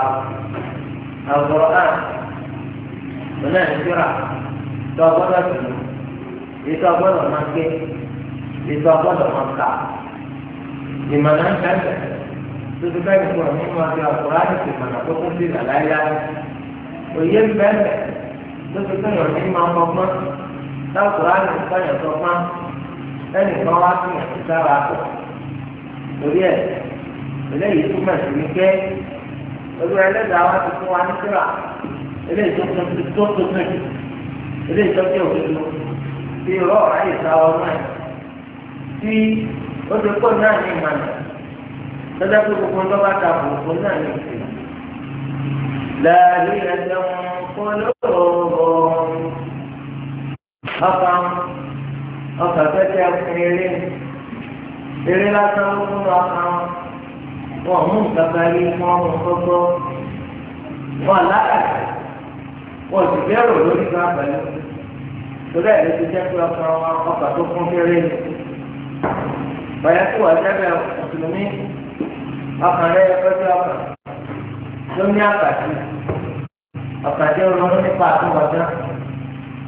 àwòrán náà lọ́nà ìṣúra tọ́ gbọ́dọ̀ tì í tọ́ gbọ́dọ̀ máa gbé ètò agbọ́dọ̀ máa ta ìmọ̀nà ń tẹ̀lé tuntun bẹ́ẹ̀ kọ́ ní ma fi àkùrá ní ìmọ̀nà tó kún sí làláyà òye ń bẹ́ẹ̀ tuntun bẹ́ẹ̀ ní ma mọ́gbọ́n táàkùrá ní ìpáyà tó pọ́n lẹ́nu kan wá sí ìsára kù torí ẹ̀ eléyìí túmọ̀ sí ní pé olúwa ẹlẹ́dàá wa ti fún wa ní síra eléyìí tó tuntun tó tuntun eléyìí tó tẹ̀ òdodo bí ọlọ́ọ̀rá yìí sáwọ́ náà tí ó ti pọ̀ náà ní ìmọ̀nà lọ́jọ́ pé gbogbo ń lọ́wọ́ ta àbùkù náà ní ìsìn. Láàrin ẹ̀jẹ̀ wọn kọ́ lọ́wọ́ ọkàn ọkàn tẹ́tẹ́ ọkùnrin eré eré lásán ló mú ọkàn wọn mú nǹkan kan rí wọn mú gbogbo wọn láàyè wọn sì bẹ̀rù lórí ìgbà pẹ̀lú torí ti jẹ́ pé ọkàn wọn ọkàn tó kún kéré ni bàyá tí wàá jábẹ́ mùsùlùmí ọkàn rẹ̀ pẹ́ẹ́tẹ́ ọkàn ló ní àkàtì ọkàn tí ó ronú nípa àtúwọ̀dá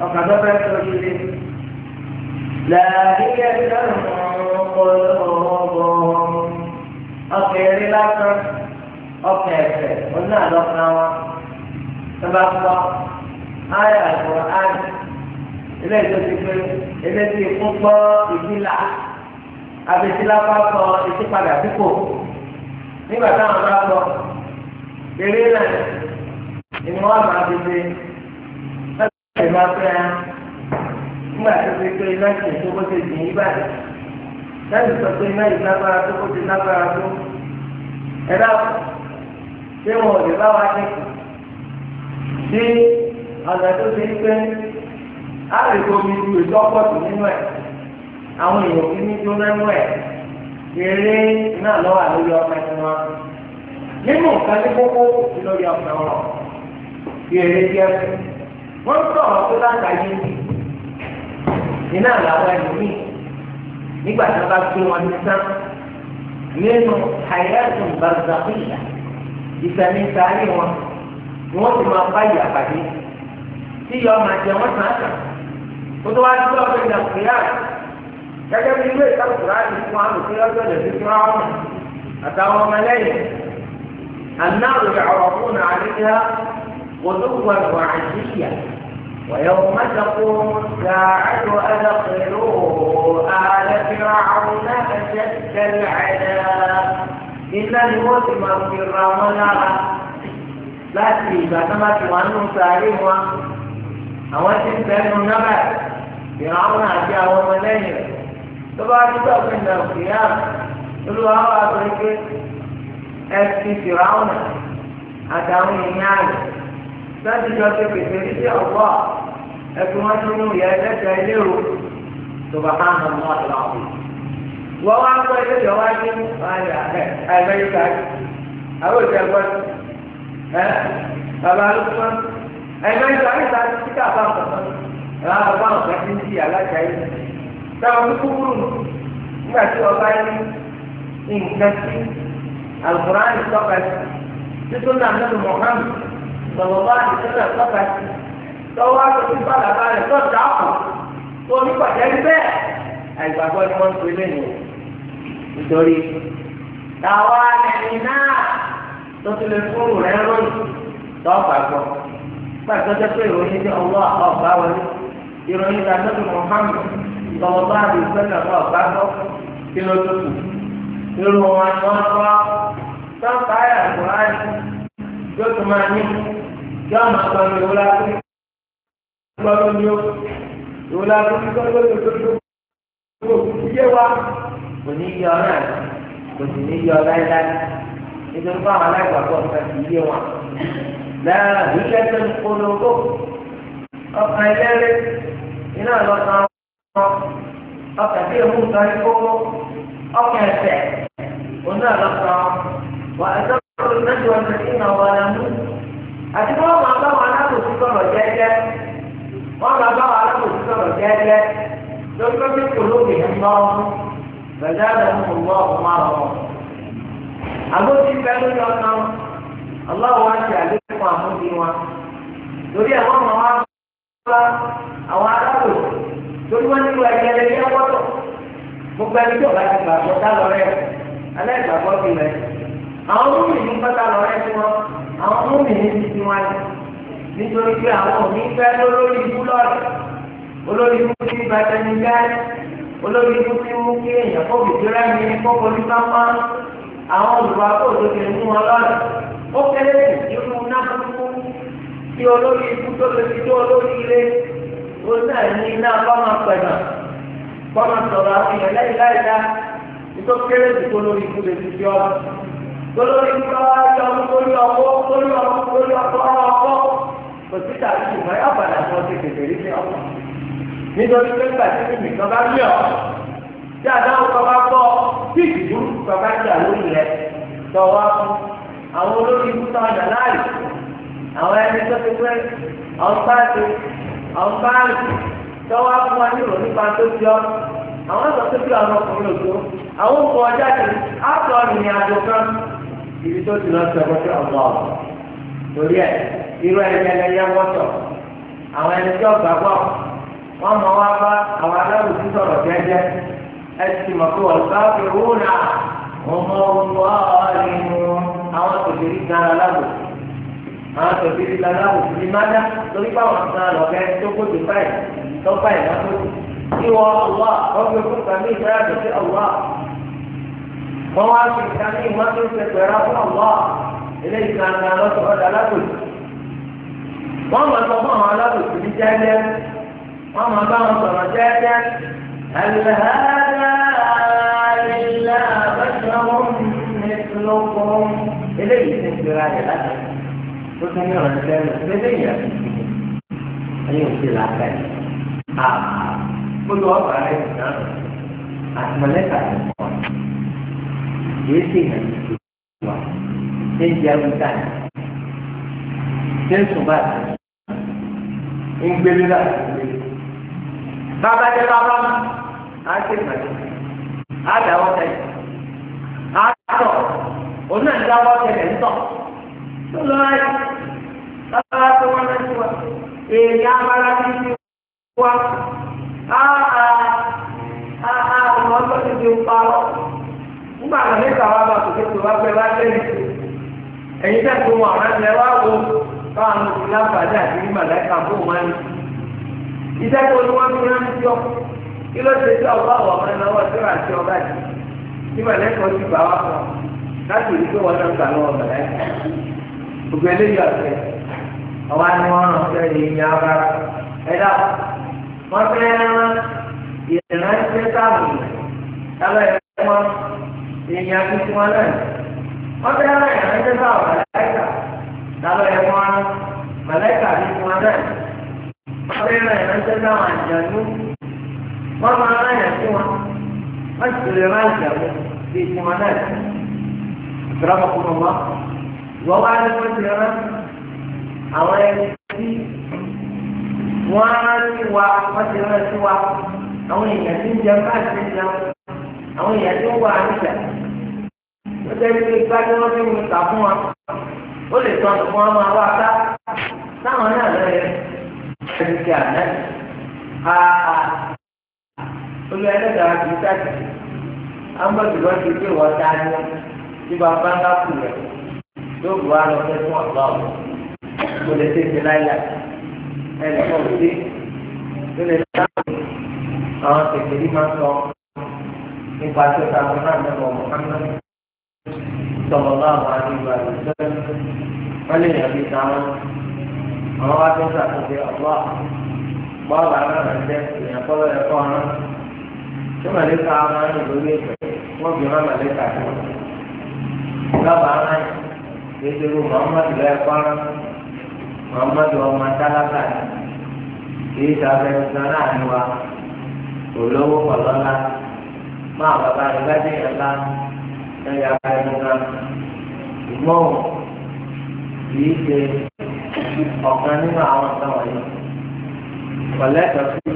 ọkàn tó fẹ́ tó yílé làbíyẹ dáhùn ọ̀pọ̀lọpọ̀ ọkàn eré lásán ọkàn ẹ̀fẹ̀ onílàlọ́kàn wa tó bá kọ́ ayé àgbọ̀ ayé ilé ìjọsìn pé ilé tí ikú gbọ́ ìdílà. abẹ́sílá bá sọ etí padà sípò nígbà táwọn bá sọ eré náà ìní wọn máa fi ṣe máa fẹ́ ẹ́ nígbà tó fi pé iná kì tó bó ṣe jìn lẹ́yìn sọ pé iná yìí tó bó ṣe tó ẹ dáhùn ṣé wọn ò lè bá wa dé sí ọ̀nà tó àwọn èèyàn kí ní dúró lẹ́nu ẹ̀ eré náà lọ́wọ́ àlórí ọkọ̀ ẹ̀sìn wọn. nínú nǹkan tí kókó sí lórí ọkọ̀ wọn bí eré díẹ̀ wọ́n sọ̀rọ̀ tó láta yé iná làwọn ẹlòmíì nígbà tí wọ́n bá gbé wọn ní sán nínú hayatun barzakhia ìsẹ̀mí sáré wọn ni wọ́n ti máa bá ìyá pàdé tí yọ ọmọ àti ọmọ sàn án kàn kó tó wá dúró ọ̀gbìn náà kúrẹ́ àná. gẹ́gẹ́ bí ilé ìtàkùrá ti fún àwọn òfin lọ́jọ́ lè fi fún àwọn àtàwọn ọmọ lẹ́yìn anáàrò ìyàwó fún àdéhà gbọdọ̀gbọ̀n wà àṣìyà ويوم تقوم الساعة أدخلوا آل فرعون أشد العذاب إن المسلم فرعون láti ìgbà tó bá ti wà nínú sàárè wọn àwọn tí ń bẹnu náà ìrànwọ́ àti àwọn ọmọ lẹ́yìn rẹ̀ tọ́ba adúgbò ọ̀gbìn náà kì í hàn olúwa wà pé pé ẹ ti fìràwọn àtàwọn èèyàn rẹ̀ láti jọ ṣe pèsè níṣẹ́ ọ̀gbọ́ ẹ̀fí wọn tún mú ìyá ẹlẹ́sẹ̀ ilé o tọ́ba máa ń mọ ọ̀dọ̀ ọ̀hún. wọ́n wá pẹ́ lórí ọwọ́ ajé amẹ́ríkà àwọn ìṣẹ̀gbọ́n ẹ̀ bàbá alùpùpù amẹ́ríkà ní ìta títà bá ń bọ̀ ẹ̀ bá ń bọ̀ ẹ̀ ti ń di aláṣà yìí. dáwọn kúkúrú nígbà tí ọba yìí nǹkan sí alukurani tọ́ka sí títún náà nínú Muhammad bàbá àdìsọ́nà tọ́ka sí tọ́wọ́ àtọ́sí bàbá rẹ̀ tó dàpọ̀ tó nípàdé bẹ́ẹ̀ àìgbàgbọ́ ni wọ́n ń pè lẹ́nu nítorí táwa lẹ́yìn náà tó ti lè fún rẹ̀ lóyún tọ́ọ̀bà gbọ́ gbàgbọ́dọ́ pé ìròyìn ní ọwọ́ ọ̀bá wọlé ìròyìn ìdánilẹ́nu Muhammad ìtọ́wọ́ bá rí sẹ́kà náà bá tọ́ kí ló tó kù nínú wọn ni wọ́n tọ́ sọ́ọ̀tà ayà kùránì yóò tún máa ní yọ àmà sọ ní ìwé lápẹ́ gbọ́dọ̀ ní o ìwé lápẹ́ gbọ́dọ̀ ní o tó tó kò yé wa kò ní yọ náà kò sì ní yọ láéláé nítorí fún àwọn aláìgbàgbọ́ nǹkan ti yé wọn lára ìṣẹ́ tó ń polongo ọkàn ẹlẹ́rìí iná lọ́kàn ọkàn tí èmú nǹkan ní kókó ọkàn ẹ̀sẹ̀ òun náà lọ́kàn wà ẹ̀sẹ̀ lórí mẹ́jọ ẹ̀sẹ̀ tí ìnà wà lẹ́nu. àti wọ́n máa bá wọn alábòsí sọ̀rọ̀ jẹ́jẹ́ wọ́n máa bá wọn alábòsí sọ̀rọ̀ jẹ́jẹ́ lórí pé kò lóògì ń bá wọn gbẹ̀dẹ́ àdàmú kò gbọ́ ọ̀hún máa wọ̀. àgbóṣí bẹ́ẹ̀ lórí ọ̀nà ọlọ́wọ́ á ṣe àlékún àmúdi wọn lórí àwọn ọmọ wa bá àwọn alábòsí torí wọ́n nílò ẹ̀jẹ̀ lè yẹ wọ́tọ̀ gbogbo ẹni tó bá ti gbàgbọ́ tá lọ rẹ̀ aláìgbàgbọ́ ti rẹ̀ àwọn múmi ní pátá lọ rẹ̀ tiwọn àwọn múmi ní ti tiwọn ni nítorí pé àwọn òní fẹ́ lórí ikú lọ́ọ̀dì olórí ikú ti bàtẹ́ ní gáàrí olórí ikú ti mú kí èèyàn kó bìtìrá ní kókó ní pápá àwọn olùwà kó tó ti mú wọn lọ́ọ̀dì ó kéré sí irú náà tó kú tí olórí ikú tó lè fi tó olórí ilé ó náà ní iná kọ́mọ pẹ̀lú kọ́mọ sọ̀rọ̀ àwọn èèyàn lẹ́yìn láìda nítorí kéré dùkú lórí ikú lè ti fi ọ́ lórí ikú lọ́wọ́ ayọ́ lórí ọkọ́ lórí ọkọ́ lórí ọkọ́ ọkọ́ kò sí tàbí ṣùgbọ́n yóò padà sọ ti kékeré ní ọkọ́ nítorí pé gbàtí mímì kan bá mí ọ̀ tí àdáwò kan bá bọ́ tí ìdìbò kan bá jà lórí rẹ̀ tọ́wọ́ àwọn olórí ikú táwọn dà láàyè àwọn ẹni tó ti pẹ́ àwọn pàṣẹ àwọn báńkì tọ́wọ́ fún wa nírò nípa tó jọ àwọn sọ pé kí àwọn ọkùnrin òjò àwọn òkú ọjà ti àtọ̀ ìrìn àjò kan ibi tó ti lọ sí ọkọ̀ tí ọ̀gbọ́n ọ̀gbọ́n torí ẹ̀ irú ẹni ẹlẹ́yẹ wọ́tọ̀ àwọn ẹni tí ọ̀gbà gbọ́ wọ́n mọ wá bá àwọn aláwùjọ sọ̀rọ̀ jẹ́jẹ́ ẹ ti mọ̀ pé wọ́n bá fi wúna ọmọ ọmọ ọ̀ọ́lì àwọn tòbí ti lọ́la òfin ní mádá lórí báwọn kan lọ́kẹ́ tó kójú báyìí tó báyìí lọ́kọ́ kí wọ́n ọ̀wá wọ́n fi fún kàmí ìṣẹ́ra tó sí ọ̀wá wọ́n wá fi kàmí ìwọ́n tó ṣe pẹ̀lú fún ọ̀wá ilé lọ́sọ̀ ọ̀dà alábòsí wọ́n mọ̀ sọ fún àwọn alábòsí ní jẹ́jẹ́ wọ́n mọ̀ bá wọn sọ̀rọ̀ jẹ́jẹ́ àlùhàlà ilé ìṣẹ́ ó tún ní ọ̀rọ̀ ẹ̀fẹ́ rẹ̀ lẹ́lẹ́ ìyá ẹni òsì làákà yìí à ó lọ ni ṣé ń sùn báyìí ń gbélé láti gbélé bàbá jẹ bàbá mi á ṣe ìgbàlódé á dáwọ́ tẹ̀lé lọ́wọ́ sábà tó wọn lọ sí wa èèyàn abala ti fi wa áà áà ọmọ ọgbọ́n ti fi pa ọ́ nígbà tó ní kàwá bá ni gbogbo eléyìí ọ̀sẹ̀ ọba ni wọ́n rán ọ̀sẹ̀ yìí ní abára ẹ̀dá wọ́n fẹ́ rán ìrìnàjẹ́ sáàmù lábẹ́ ẹ̀rọ wọn èèyàn títí wọn náà wọ́n fẹ́ rán ìrìnàjẹ́ sáàmù màláìkà lábẹ́ ẹ̀rọ wọn màláìkà títí wọn náà wọ́n fẹ́ rán ìrìnàjẹ́ sáàmù àjànú wọ́n máa rán ìrìnàjẹ́ wọn wọ́n sì lè rán ìjànú títí wọn náà ìtura kọ̀ọ̀kan wọn wọ́n wá ní wọ́n ti rán àwọn ẹni tí wọ́n á ní wa wọ́n ti rán sí wa àwọn èèyàn tí ń jẹ báàsì ń jẹun àwọn èèyàn tí ń wà nígbà wọ́n tẹ́lẹ̀ pé gbájú wọn ní wọn kà fún wa ó lè tọ́ ọ̀dọ̀ fún wa máa wá ká táwọn náà lọ yẹ ẹni tí a ná olú ẹlẹ́dàá ti sáàtì àwọn bọ́ọ̀dù wọn ti gbé wọn dání tí bàbá ńlá kù rẹ̀ yóò bu alọ fẹ fún ọgbà ọ kò lè tètè láyà ẹnì kan ò sí tó lè dáhùn àwọn tètè yìí máa sọ nípa tó ta fún náà lẹ́wọ̀n mọ̀kánná sọ̀rọ̀ láwọn àdìgbò àdìgbò wọ́n lè yàn bí sáwọn àwọn wá tó ń sàkóso ọ̀gbà bọ́ọ̀lù aláàbò ẹ̀jẹ̀ èèyàn kọ́lọ́ ẹ̀kọ́ ọ̀rán tí màlẹ́kà máa ń lò lórí ẹ̀fẹ̀ wọ́n bí wọ́n màlẹ́kà tó lọ́ba aláàbò yéṣeru muhammadu lọ ẹ̀fọ́ muhammadu ọmọ tálákà kìí sàbẹ̀sọ náà ni wa olówó kọlọ́lá máa bàbá rẹ̀ bá déyàn lá ẹ̀yà àìmọ̀gá ìgbọ́n kìí ṣe ọ̀kan nínú àwọn ọ̀sán wọ̀nyí kọ̀lẹ́tọ̀ sí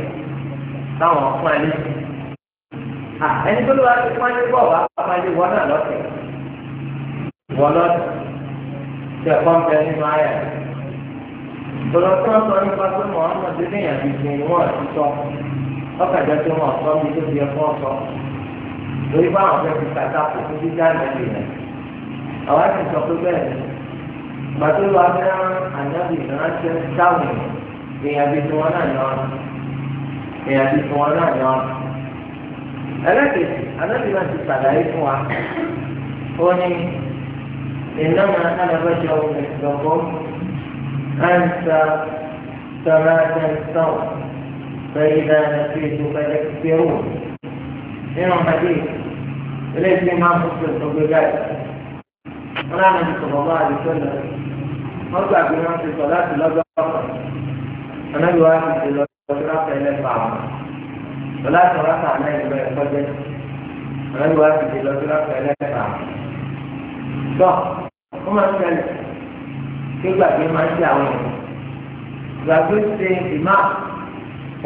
táwọn fún ẹni. ẹni tó lọ́wọ́ ti pọ́njú bọ̀ wá pàpàjù wọn náà lọ́sẹ̀ wọ́n lọ́sẹ̀ ṣẹ̀kọ́n bẹ nínú àyà. Ìgbọ̀dọ̀ tí wọ́n sọ nípa pé Mọ̀hámà ti ní ìyàbí ìgbìn ni wọ́n ti sọ. Ọkàjọ́ tí wọ́n sọ mi ló fi ẹ̀kọ́ sọ. Lórí bá àwọn fẹ́ẹ́ fi kàtà kó fún jíjá nàbì rẹ̀. Àwa ti sọ pé bẹ́ẹ̀ ni. Gbàtó lọ abẹ́rẹ́ ànábì ìránṣẹ́ dáhùn ìyàbí tí wọ́n náà yọ ìyàbí tí wọ́n náà yọ ẹlẹ́kẹ̀ẹ́ ànábì náà إنما أنا بشر مثلكم أنت كما تنسوا فإذا نسيت فتكفرون هنا حديث ليس ما مسلم بذلك قال النبي صلى الله عليه وسلم أرجع بإمام في صلاة الأزهر أنا الواحد في الأزهر إلى الطعام فلا صلاة عليه الفجر أنا الواحد في الأزهر إلى الطعام صح wọ́n máa ń ṣẹlẹ̀ kí gbàgbé máa ń ṣe àwọn èèyàn gbàgbé ṣe ìmá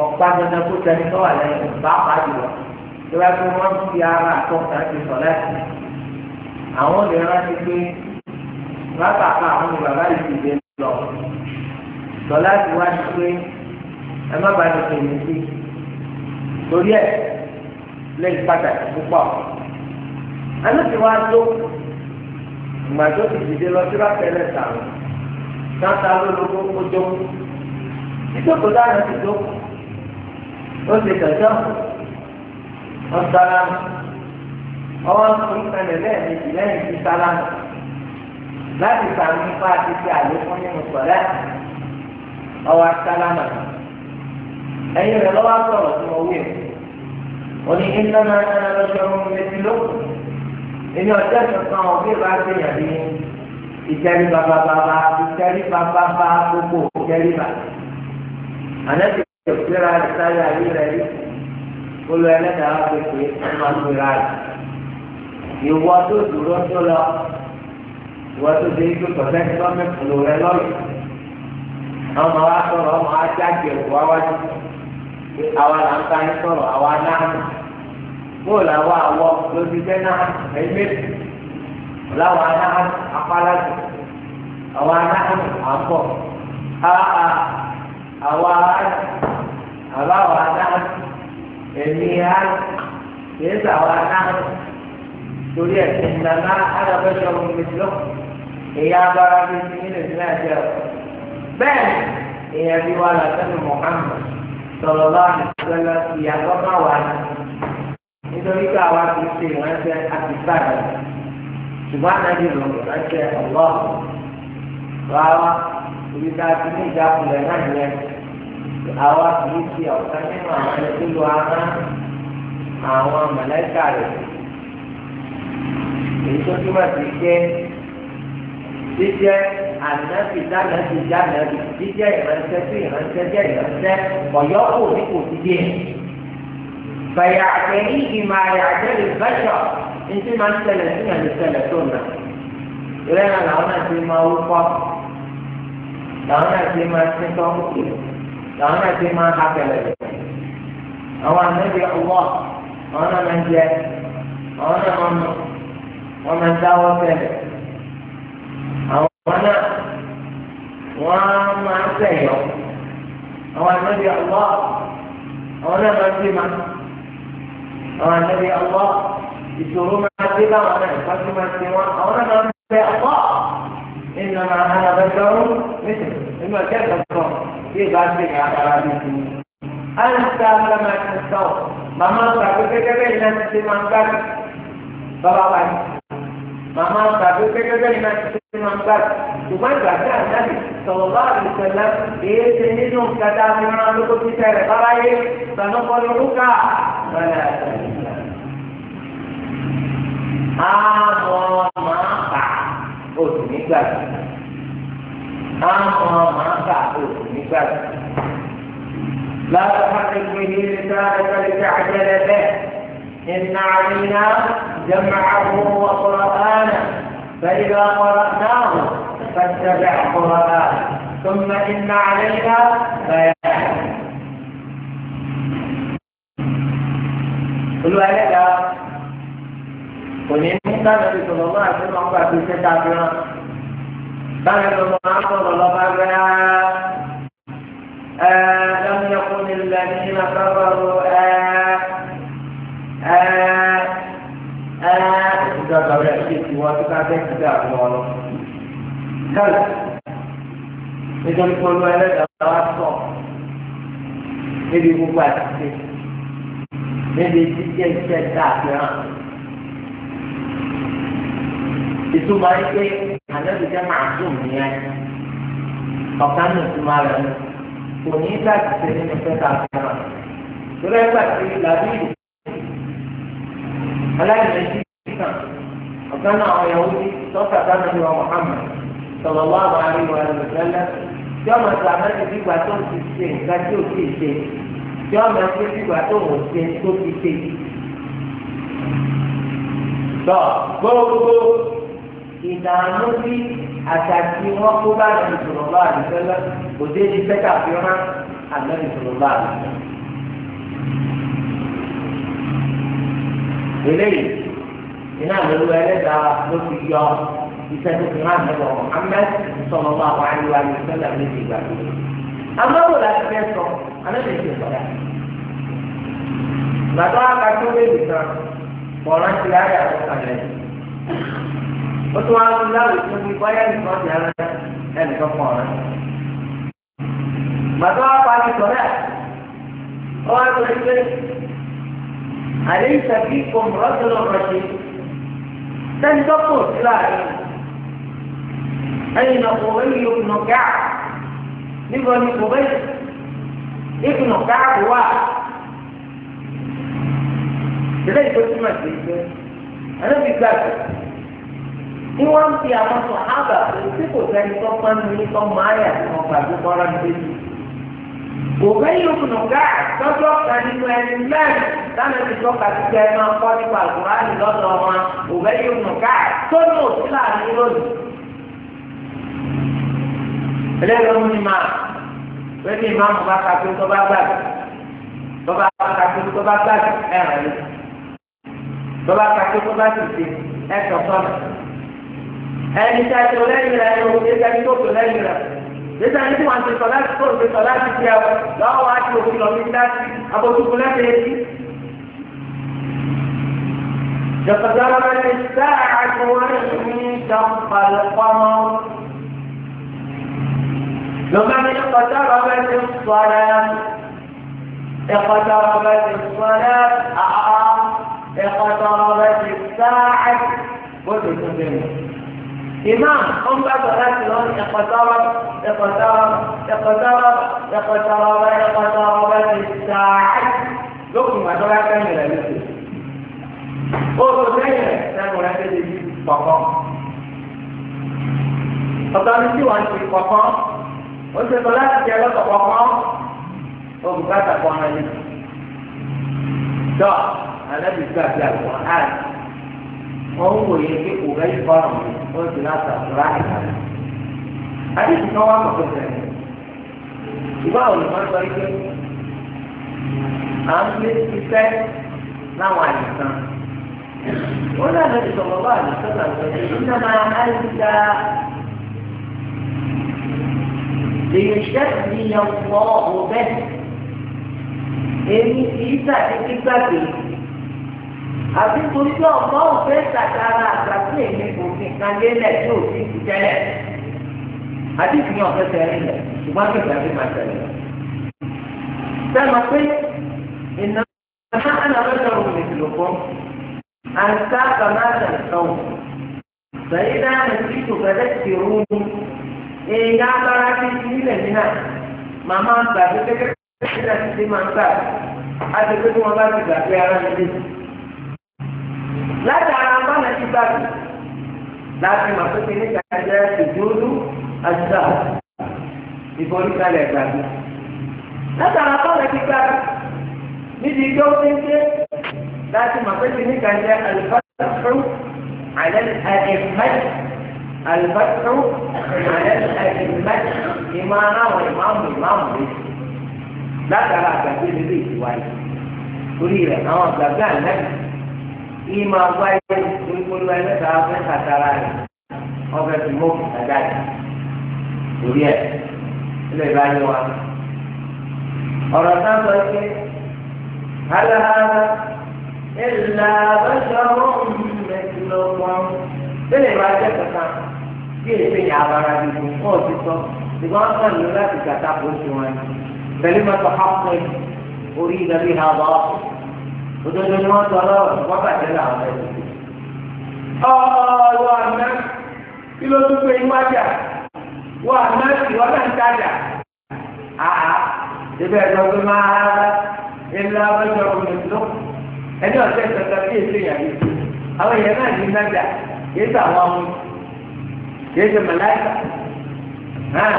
ọ̀pá dandan kó tẹni tó wà lẹ́yìn ọ̀pá pàdùwọ̀ tó bá tó wọ́n fi ara àtọ́ka ti sọ̀ láti àwọn olè rántí pé bàbá kan àwọn ni bàbá yìí ti dé lọ sọ láti wá sí pé ẹ má bàa lè tẹ̀lé sí torí ẹ̀ lẹ́yìn pàtàkì púpọ̀ ẹ ló ti wá tó gbàdó ti dìde lọ sí rákẹ́lẹ̀ sàrò náta lólobó kójó ìjókòó dáná ti tó ó ti kẹjọ ọ̀sára ọwọ́ ń pẹlẹ lẹ́ẹ̀mejì lẹ́yìn tí sára láti sàmì ipá ti fi àlékún nínú sọ̀rẹ́ ọwọ́ sára náà ẹ̀yin rẹ̀ lọ́wọ́ sọ̀rọ̀ tí mo wí o ní iná náà lọ́jọ́ létí lókun èmi ọjọ́ kankan ọ̀bí bá gbìyàn ní ìtẹ́rí bàbá bàbá ìtẹ́rí bàbá bá gbogbo ìtẹ́rí bàbá. ànẹ́tì ìjọba ìtàrí ayé rẹ̀ rí olú ẹlẹ́dàá pépé ọmọ àgbèrè rẹ̀. ìwọ tó dúró tó lọ ìwọ tó dé ikú tọ̀sẹ̀ tó mẹ́kùnú rẹ lọ́yọ̀. ọmọ wa sọ̀rọ̀ ọmọ ajá jẹ̀ wá wájú. àwa là ń bá yín sọ̀rọ̀ àwa náà bóòlù àwọn àwọ lójú jẹ́ náà ẹ̀mí láwọn anáhà apálàjù àwọn anáhà àbọ̀ àà àwọn anáhà àbáwọ̀ anáhà ẹ̀mí anáhà kìí sàwọn anáhà torí ẹ̀ ìdáná àdàbẹ̀sọ̀ ọ̀mùmẹ̀sọ̀ ìyá abára bíi ti nílẹ̀ nílẹ̀ àti ẹ̀ bẹ́ẹ̀ ìyẹn bí wà látẹ́nu Muhammad sọ̀rọ̀ láàrin ìgbẹ́lẹ́ ìyàgbọ́n máa wà ní nítorí pé àwa ti ṣe ìránṣẹ́ àtìsáàdì ṣùgbọ́n ànájú lọ ìránṣẹ́ ọ̀lọ́ rárá ibi tá a ti ní ìjákulẹ̀ náà yẹn àwa kì í ṣe ọ̀kan nínú àwọn ẹni tó lo ara àwọn mọ̀lẹ́kà rẹ̀ èyí tó túmọ̀ sí pé jíjẹ́ ànábì dánábì dánábì jíjẹ́ ìránṣẹ́ sí ìránṣẹ́ jẹ́ ìránṣẹ́ ọ̀yọ́ kò ní kò sí díẹ̀. فيعتريه ما يعتري البشر انت ما انت لسنا من سنة لانا لعنا في ما فاق لعنا في ما استنطق لعنا في ما حكى لك أو النبي الله أنا من جاء أنا من ومن دعوة ثالث أو أنا وما سيئ أو النبي الله وانا من àwọn ànábì ọgbọ́ ìṣòro máa dé báwọn náà ìfọ́jú máa ti wọn àwọn náà máa ń bẹ ọgbọ́ nínú máa hàn abẹ́gbẹ́rún nítorí nínú ọjọ́ ìgbàgbọ́ bí ìgbà ti rìn àtàrà mi sí i. ń ta ọlọ́mọ àti sọ màmá ọgbà pé gẹ́gẹ́ bẹ́ẹ̀ ni a ti ṣe máa ń gbádùn bàbá wa ni. Mama tàbí gẹ́gẹ́ ní láti ṣe máa ń gbà ṣùgbọ́n ìgbà tí àjáde sọ̀rọ̀ bá àlùfẹ́lá èyí ṣe nínú kàdá mìíràn lóko títẹ̀ rẹ̀ bára yé sànúkọ lórúkà lọ́lẹ̀ àtàlẹ́. Àmọ́ máa bà oṣù nígbà tí. Àmọ́ máa bà oṣù nígbà tí. Láti wá ní ìgbéyìí ní sáré sáré tí àjẹlẹ bẹ́ẹ̀. إن علينا جمعه وقرآنه فإذا قرأناه فاتبع قرآنه ثم إن علينا بيانه قلوا هلأ قل إن النبي صلى الله عليه وسلم أقرأ في كتابنا كان الإمام صلى الله عليه آه، لم يكن الذين كفروا آه ọ̀rẹ́ àti èsì wọn tó káfẹ́ kí dà fún ọ lọ. Kálí, nítorí pé olú ẹlẹ́dàá wá sọ̀ níbi gbogbo àtìsí, níbi jíjẹ́ iṣẹ́ dá àfihàn. Ìtumọ̀ ayé pé ànábì jẹ́ màásùm nìyẹn. Ọ̀kan nù ìtumọ̀ rẹ̀ nù. Kò ní láti ṣe nínú fẹ́ta àfihàn. Ìrẹ́gbà ti làbí ìlú. Aláìlẹ́sí kan ọ̀kan náà àwọn Yahudi sọ́kà dáná ní wa Muhammad sọ̀rọ̀ wá àwọn àríwá rẹ̀ lẹ́lẹ́ tí ọmọ tó àmẹ́rin gbígbà tó ti ṣe nǹkan tí ò ti ṣe tí ọmọ ẹgbẹ́ gbígbà tó ò ṣe tó ti ṣe. lọ gbogbo ìdààmú bí àtàkì wọn kó bá àmì sọ̀rọ̀ bá àmì sẹ́lẹ̀ kò dé ní pẹ́tà fi rán àmì sọ̀rọ̀ bá àmì sẹ́lẹ̀. eléyìí iná lólu ẹlẹ́dàá ló fi yọ iṣẹ́ tó fi hàn lọ́wọ́ Muhammad sọ̀rọ̀ wà wà ní wà ní sọ́dà méjì ìgbà tó. amáwò láti fẹ́ sọ alẹ́ ti sọ̀dà. bàbá akató lébi kan kọ̀ọ̀rọ̀ ti ayé àkọkàlẹ̀. ó tún wá lórí láwùjọ tó fi bọ́yá nìkan ti ara ẹnìkan kọ̀ọ̀rọ̀. bàbá akató sọ̀dà ó wá lórí pé àlẹ́ ìṣàkíkọ̀ mọ̀rọ́tò lọ́rọ̀ ṣe sẹ́ni dọ́pọ̀ sí láàrin ẹ̀yìn náà kò wẹ́yìn yóò nà gáà níbo ni kò wẹ́yìn yóò nà gáà kò wá. ilé ìtọ́jú máa ti gbé ẹlẹ́bi gbàgbé ní wọ́n ń fi àwọn sọ̀hábà tí kò sẹ́ni tó pọ́n ní tó máa yà tó máa gbàgbé kọ́ra ní bẹ́ẹ̀ òbẹ́yìn òkùnà gá lọ́jọ́ kan nínú ẹni mẹ́rin dáná ti tọ́ka sí máa ń kọ́ nípa lọ́dọ̀ wọn òbẹ́yìn òkùnà tó ní òsì láàrin lónìí. ni máa wẹ́n ní ìmáàmù bá tó bá gbàgbé tó bá tó bá gbàgbé a nígbà yẹn tí wọ́n ti sọ láti tó ti sọ láti fi àwọn lọ́wọ́ wá sí òfin lọ́mí láti abojúkú láti ẹ̀sí. تقدرت الساعة وانشق القمر لمن اقتربت الصلاة اقتربت الصلاة اقتربت الساعة قلت imam ó ń bá sọ láti lọ ẹ̀kọ́tọ́rọ́ ẹ̀kọ́tọ́rọ́ ẹ̀kọ́tọ́rọ́ ẹ̀kọ́tọ́rọ́ ẹ̀kọ́tọ́rọ́ bá ti sáà lókùn àtọ́lá kẹ́yìn rẹ̀ lókè ó lọ sẹ́yìn rẹ̀ sẹ́yìn rẹ̀ tẹ́lẹ̀ bí kọ̀kọ́ ọ̀tọ́ ní tí wọ́n ti kọ̀kọ́ ó ṣe sọ láti jẹ́ lọ́tọ̀ kọ̀kọ́ òkùnkà tàkọ́ ọ̀rẹ́ yìí. dọ́ọ̀ alẹ́ bí gbàgbé àgbọ̀ هو يجي وجاي فرم قلت لا تراعي هذه الطوام كنت يبقى الفرق بين عامل الكتاب نوع الإنسان ولا النبي صلى الله عليه وسلم إنما أنت ليستهدي الله به إن إيسا في كتابه àbí torí pé ọmọ òfé tàtàrà àgbàtí èmi kò fi kan lélẹ̀ tí ò sí ti tẹ́lẹ̀ àbí ìfihàn ọ̀fẹ́ tẹ̀lé lẹ̀ ṣùgbọ́n kẹfẹ́ àbí máa tẹ̀lé lẹ̀. sẹ́nu pé ìnáwó ẹ̀fọ́ ànàmọ́tò òmìniròkọ́ àǹká kàmáàtà ìtọ́wò sẹ́yìn náà ní kí tòkẹ́lẹ́ ti rú ní èèyàn abára ti nílẹ̀ nínà màmá gbàgbé kékeré ti máa ń gbà á látara bánà ti gbàgbé láti mọ̀ pé kí ní kàjẹ́ ìdúró àṣà ìforíkalẹ̀ gbàgbé látara bánà ti gbàgbé níbi ìjọ péńté láti mọ̀ pé kí ní kàjẹ́ àlùfáàfù àlẹ́ àìmẹ́tì àlùfáàfù àlẹ́ àìmẹ́tì ìmọ̀ aráwọ̀ ìmáàmù ìmáàmù rẹ̀ látara àgbàgbé níbi ìwáyé torí rẹ̀ àwọn àgbàgbé àlẹ́ yìí máa wáyé olúkúlú ẹlẹ́ta fẹ́ kàtàrà rẹ̀ ọbẹ̀ tó mọ̀ kàtà rẹ̀ lórí ẹ̀ ilé ìbá yẹ wa. ọ̀rọ̀ náà sọ pé alára ẹ̀là abẹ́sọ̀rọ̀ mẹ́tìlọ́wọ́ bẹ́ẹ̀ máa jẹ́ kankan bí èsì yà abara dìbò fún òtítọ́ ṣùgbọ́n wọn kàn ló láti kàtà kó sùn wọn pẹ̀lú mọ́tò hapkin orí ìdàbí ha bọ́. òdodo ni wọ́n sọ lọ́wọ́ wọ́n bàjẹ́ làwọn ẹ̀ ọ̀ọ́ àná kí ló tún pé iwájà wọ́n àná ìwọ́n náà ń tajà àá ibẹ̀ ẹ̀dọ́ pé máa ńlá ọjọ́ ọkùnrin tó ẹni ọ̀sẹ̀ ìtọ́ta sí èso ìyàwó àwọn èèyàn náà ní nájà kìí sàwọn ọmọ kìí ṣe mọ̀láìkà náà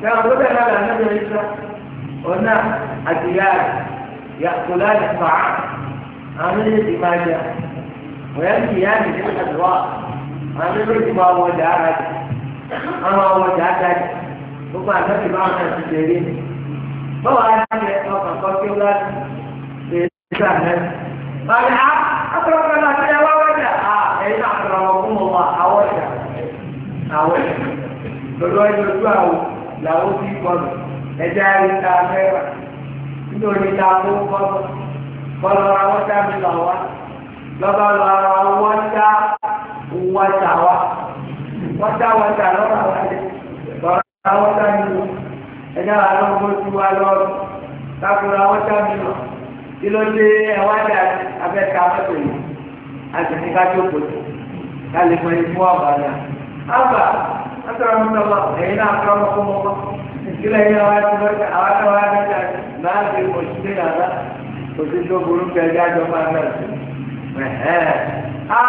sẹ́wọ̀n tó bẹ̀rẹ̀ náà làwọn ọmọ ọ̀nà àti yàtọ̀ láti fàá. عامل الإماجة ويأتي يعني من الأدواء عامل الإمام ودعاج أما ودعاج ثم أنت معنا السجيرين ما هو أنت أفضل قصي ولا بإنسان قال أقرب لنا فيا ووجع إذا أقربكم الله أوجع أوجع فالرواية الأسوأ له في قبل ẹja ẹta mẹ́wàá nítorí ta ló kọ́ bọ́lọ́ra wọ́n dá mi lọ wá lọ́ba lọ́ra wọ́n dá wọ́n dá wá wọ́n dá wọ́n dá lọ́ra wá lé bọ́lọ́ra wọ́n dá mi lọ ẹ̀dá wà lọ́wọ́ bó ti wá lọ́rùn káfíńra wọ́n dá mi lọ kí ló dé ẹ̀wá dà abẹ́ka mẹ́tò yìí àti ní ká tó kòtò ká lè mọ ikú àbàlẹ̀ àbà àtàrà òtún tó burúkú ẹgbẹ́ àjọpá náà sí. Àá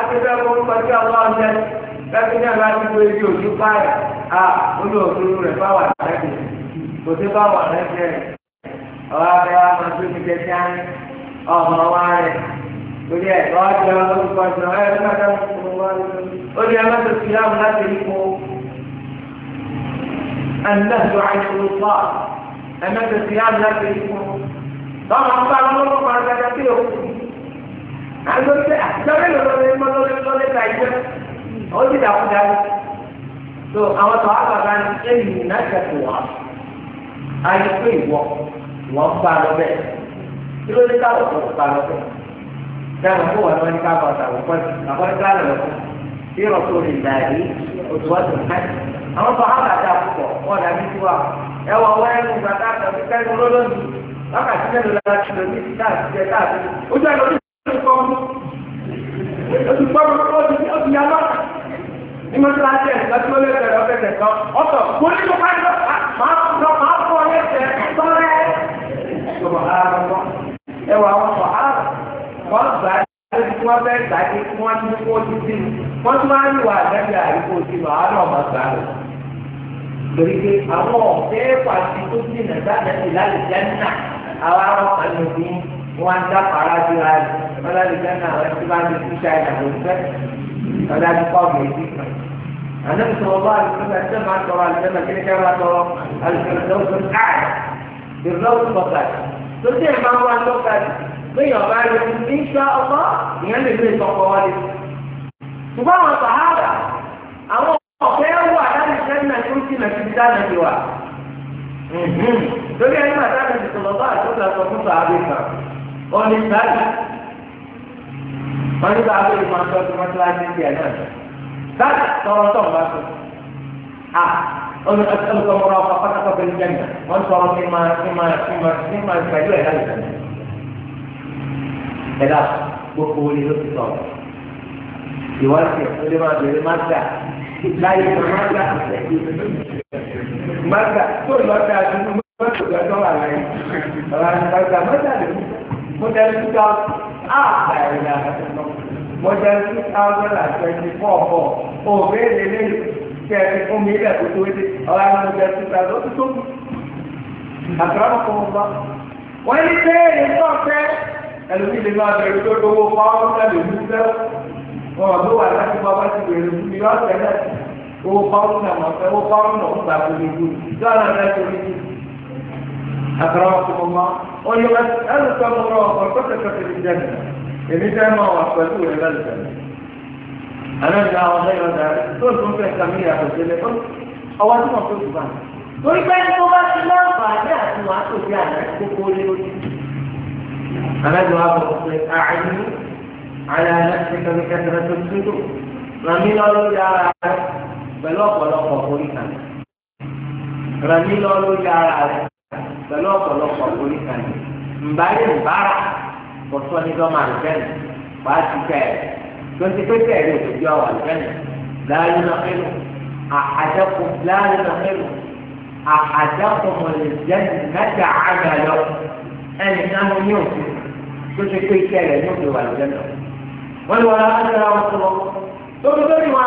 akẹ́kẹ́ burúkú ọjọ́ àwọn ọ̀sẹ̀ lẹ́gbẹ̀ẹ́ náà láti gbé ibi òjú páyà. À ó lọ òfurufú rẹ̀ báwà lẹ́gbẹ̀ẹ́. Kò sí báwà lẹ́gbẹ̀ẹ́ rẹ̀. Ọ̀rọ̀ abẹ́ wa máa tún mi jẹ sí àárín ọmọ wa rẹ̀. Torí ẹ̀ lọ́wọ́ ti lọ orúkọ ọ̀sán ẹ̀ ló máa dáhùn fún wa. Ó báwọn bá lọ́wọ́ máa dada sí o. àgbẹ̀sẹ̀ àtijọ́lẹ̀ lọ́lọ́lẹ̀ lọ́lọ́lẹ̀ lọ́lẹ̀ ta ìjọ ó ti dàkú dàrú. tó àwọn tó àgbàgbà ní ẹ̀yìn náà ṣẹ̀kù wá. ayé pé ìwọ wọ́n bá lọ bẹ́ẹ̀. kí ló dé káwọ̀ tó bá lọ bẹ́ẹ̀. sẹ́wọ̀n kó wà lọ́wọ́ ní káwọ̀ àtàwọn pọ́ọ̀tì àbọ̀ ní káwọ̀ lọ́wọ́ sí ọ̀tún lè dà yí òtù ọ̀tún náà. àwọn tó àgbàgbà pọ̀ wọ́n dàbí lákàtí mẹ́lò lára tí lọ ní ìdá àtijẹ́ káàkiri ó jẹ́ lọ ní ìdíkọ́ oṣù gbọ́dọ̀ ó ti ní oṣù yàtọ̀ ní mo ti ra jẹ́ ìgbàtí ó lè bẹ̀rẹ̀ ọ̀fẹ́sẹ̀ kan ọ̀tọ̀ mo ní mo máa ń lọ máa fọ ẹsẹ̀ sọ́rẹ́ ìṣòro ara wọn ẹwà wọn sọ ara wọn gbà á lórí tí wọ́n fẹ́ gbà á dé kí wọ́n ti kó àwọn arọ́pà ní bí wọ́n á dá pàrọ̀ sí wa rẹ̀ wọ́n láti fẹ́ náà wọ́n ti máa ń fi ṣáìnà ló fẹ́ wọ́n láti kọ́ ọ̀gbìn sí kan. àná mi sọ̀rọ̀ bá àlùfẹ́ ẹ̀ṣẹ́ máa sọ̀rọ̀ àlùfẹ́ náà kíni ká máa sọ̀rọ̀ àlùfẹ́ lọ́wọ́ káàdì ìrọ̀lọ́wọ́ pọ̀tàkì tó dé máa ń wá lọ́kàdì lóyìn ọ̀bá rẹ̀ ní sọ ọkọ ìyẹn lè lè sọ̀kọ̀ wọlé. ṣùgbọ́n àwọn sàhábà àwọn ọ̀fẹ́ wà láti fẹ́ náà tó ti nà lórí ẹni màtá àti ìsọlọ́gbà àtúntà sọ fún sàábì kan ọ̀nì sáàbì wọn ní sàábì yìí máa ń tọ́jú mọ́tíláṣí ti ẹ̀ náà sáàbì tọrọ tọ̀ bá tó a ọ̀nà ẹ̀sọ́ mọ́ra ọkọ̀ pátákó bẹ́ẹ̀ jẹ́ nà wọ́n tọrọ kí máa kí máa kí máa kí máa pẹ̀lú ẹ̀ láì sẹ́yìn ẹ̀ gbogbo Modern 2000, ah, I remember. Modern 2024, oh, really, really, kẹ́ẹ̀kẹ́ fún mi ilẹ̀ tó tó wéde, ọ̀rá ní modern 2000, ó ti tó mú. Àtàrà fún ọba. Wọ́n ní pé èyí tó fẹ́, ẹlòmí lè أكرمكم الله قل أسألك الله فرقتك في الجنة إذا كان ما وحفظوه إلى الجنة أنا جاء غير ذلك تقول كنت أحكمية في الجنة أو أنت ما قلت بها torí pé tó bá ti máa bà ní àtúnwá tó di àná gbogbo lórí. Alájọ wa bọ̀ pé àìní aláàlá ti kẹ́mi kẹ́kẹ́rẹ́ tó dúró. Ràmí lọ lórí ara rẹ̀ pẹ̀lú ọ̀pọ̀lọpọ̀ orí kan. Ràmí lọ lórí ara rẹ̀ pẹ̀lú ọ̀pọ̀lọpọ̀ orí kan ní nbàlẹ̀ nbàrà kọ̀tọ́ ní dọ́mà àlùfẹ́nì wàá ti tẹ̀ ẹ̀ tonti pété ẹ̀rí òkèjọ́ àwọn àlùfẹ́nì láàyè náà ẹnu àhàdẹ́kùn láàyè náà ẹnu àhàdẹ́kùn mọ̀lẹ́dẹ́nì nájà àgbà lọ ẹnì náà ní òkè tonti pété ẹ̀rẹ̀ ní òkè wà àlùfẹ́nì wọ́n ní wàlá àdàrà wọn tó lọ tóbi tóbi wọn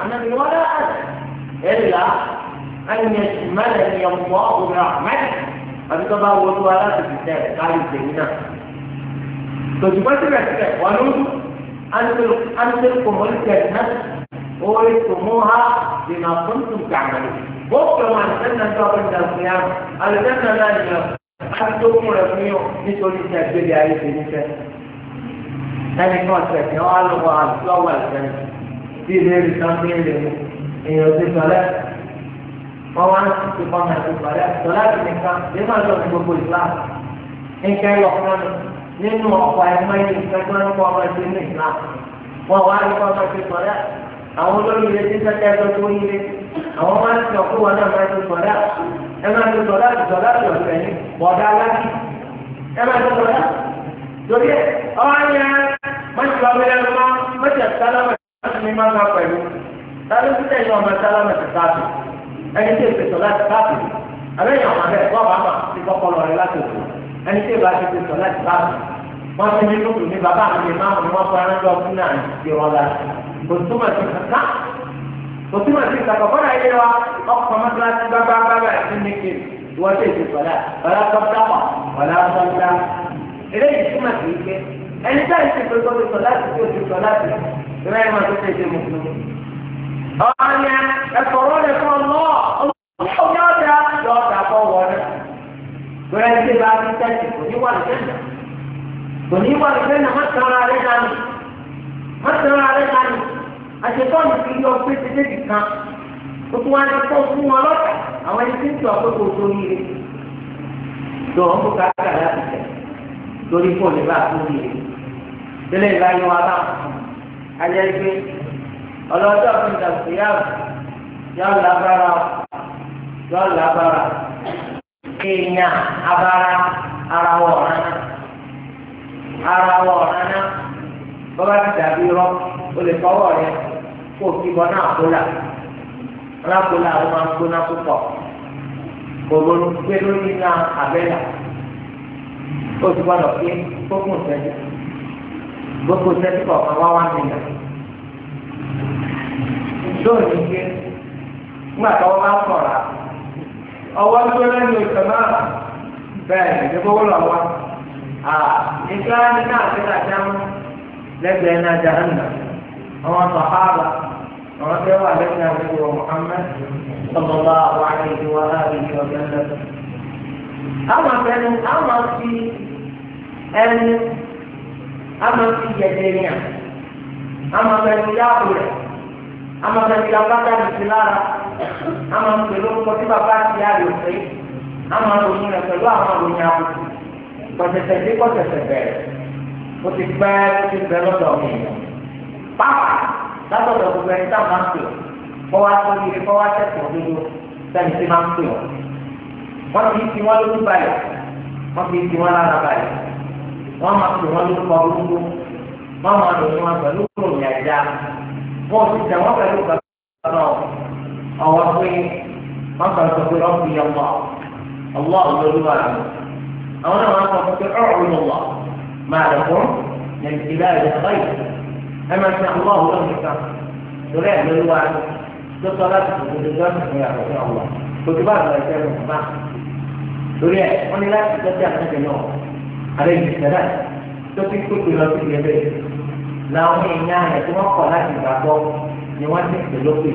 àná wàlá àdàrà ẹ̀rí là ẹ̀yìn ẹ̀sìn mẹ́lẹ̀ ni ọ̀pọ̀ ọ̀gbìn àti tó bá wọnú wa láti fi tẹ káyọ ìdèmí náà tòjú bá tẹ̀lé tẹ̀ wà lóṣù alùpùpù alùpùpù kòmọ́lì tẹ̀ náà orí tòmó ha lè máa fún tún gàmà lò wọ́n pè wọn àlùjẹ́nà tó ọ̀gbìn náà fi hàn àlùjẹ́nà náà yẹ àti tó kún rẹ̀ fún yọ nítorí tẹ̀ gbélé ayé tèmi tẹ̀ ẹni kan tẹ̀ kí wọ́n á lọ́wọ́ àlùjọ́ wà lẹ́yìn tí ilé ìrìsàn wọ́n wá ń ti kọ́ ọmọ ẹ̀sìn ìpàdé àtọ́lá ti nìkan nígbà tó ti gbogbo ìlà nìkan yọ fún mi nínú ọ̀pọ̀ ẹ̀mọ́ yìí nìkan tó ń kọ́ ọmọ itu ní ìlà pada? wá ń kọ́ ọmọ ẹ̀sìn ìpàdé àwọn olórí ilé tí sẹ́kẹ́ tó tó yílé àwọn máa ń sọ fún Jodoh, náà máa ń ti sọ̀dá ẹ máa ń ti sọ̀dá ti sọ̀dá ti ọ̀sẹ̀ ní bọ̀dá aláàbí ẹ máa ń ti sọ̀dá lórí ẹ̀ ọ̀hún ẹni tí èsè sọlá ti káàkiri àbẹ́yìn àwọn abẹ́ ẹ̀kọ́ àbámà ti kọ́kọ́ lọ rẹ láti òkú ẹni tí èbá ti ti sọlá ti káàkiri wọ́n ti ní lókùn ní bàbá mi máa ń wọ́n fọ́nrán lọ fún náà ìrọ̀lá kò túmọ̀ sí kàkà kò túmọ̀ sí kàkà kọ́dà yé wa ọkọ̀ mọ́tíláṣí bábá bábá ẹ̀sìn ní kiri wọ́n ti èsè sọlá ọ̀là tọ́tàpọ̀ ọ̀là tọ́tà eléyìí túmọ̀ sí ike ẹni táyì ti pé kọ́ ọ̀nyẹ ẹ̀sọ̀rọ̀ rẹ̀ fún ọlọ́ ọlọ́ọ̀dá lọ́ọ̀dà bọ̀ wọlé. Bẹ́ẹ̀ ṣe bá ti tẹ̀sí kò ní wà lẹ́nà. Kò ní wà lẹ́nà má tẹ̀ra rẹ̀ dání. Má tẹ̀ra rẹ̀ dání. Àṣetọ́ mi fi yọ pé tètè bì kan. O tún wá ní kó fún wọn lọ́tà. Àwọn ẹni tí ń tọ́ pé kò tó yire. Tó o ń bó káàkiri láti tẹ̀. Torí fóònù bá a tó yire. Tẹ́lẹ̀ ìlànà wa bá a. Ayẹ́ gbé ọlọ́jọ́ fi dàgbéyàwó yọ lábára yọ lábára èèyàn abara ara wọ̀ rárá ara wọ̀ rárá bọ́lá ti dàbí rọ́ o lè fọwọ́ rẹ kó o kíbọ náà kóla alákòóla ló máa ń gbóná púpọ̀ kò ló ń gbé lórí náà abẹ́là o ti gbọ́dọ̀ pé gbogbo ìtẹ́jú gbogbo ìtẹ́jú kọ̀ọ̀kan wá wá nìyẹn lóòrùn ní ṣe nígbà tó wọ́n máa ń kọ̀ra ọwọ́ tó lẹ́nu ìtàn náà bẹ́ẹ̀ ní gbogbo lọ́wọ́ nígbà ní náà ti ta jámọ́ lẹ́gbẹ̀ẹ́ náà jahanna àwọn sàhábà àwọn tó wà lẹ́gbẹ̀ẹ́ àgbẹ̀wò Muhammad sọlọ́lá àwọn àgbẹ̀wò wa láàbí ọ̀gá lẹ́gbẹ̀ẹ́. àwọn afẹ́nu àwọn fi ẹnu àwọn fi yẹ̀dẹ̀ yẹn àwọn afẹ́nu yáàbò ama fẹ́ fi abájá mi sí lára ama ń pèlú orúkọ tí bàbá ti àlè òfin ama ròyìn rẹ̀ pẹ̀lú àwọn ròyìn àbùkù kọ̀tẹ̀tẹ̀ dé kọ̀tẹ̀tẹ̀ bẹ̀rẹ̀ o ti pẹ́ o ti bẹ̀ lọ́dọ̀ mi pápá látọ̀dọ̀ gbogbo ẹni táwọn máa ń pè kọ́ wá tó yẹ kọ́ wá tẹ̀sán dúró sẹ́ni tí máa ń pè ọ́ wọ́n fi ti wọ́n lójú balẹ̀ wọ́n fi ti wọ́n lára balẹ̀ wọ́n máa pè wọ́n lórúkọ gbogbo wọ́n máa lò ní wọn pẹ̀lú òròyìn àjà bọ́ọ̀sì ìjàwọ́ pẹ̀lú bàbá náà àwọn pé wọ́n kàn sọ pé wọ́n fi yàn wá ọwọ́ àwọn olúwa rẹ̀ àwọn náà wọ́n kàn sọ pé ọ̀rọ̀ ló wà máa rẹ̀ fún nàìjíríà rẹ̀ báyìí ẹ máa ṣe àwọn ọ̀hún lọ́wọ́ nìkan torí ẹ̀ lóluwa rẹ̀ tó sọ láti fòkò tó gbà fún ìyàwó ní ọ̀wọ́ kò bá àgbà ẹ̀ṣẹ̀ lọ bá torí ẹ̀ wọ́n ní láti tọ́jú àtúnṣe náà náà tó ti làwọn èèyàn rẹ̀ tí wọ́n kọ̀ láti gbàgbọ́ ni wọ́n ti pè lópè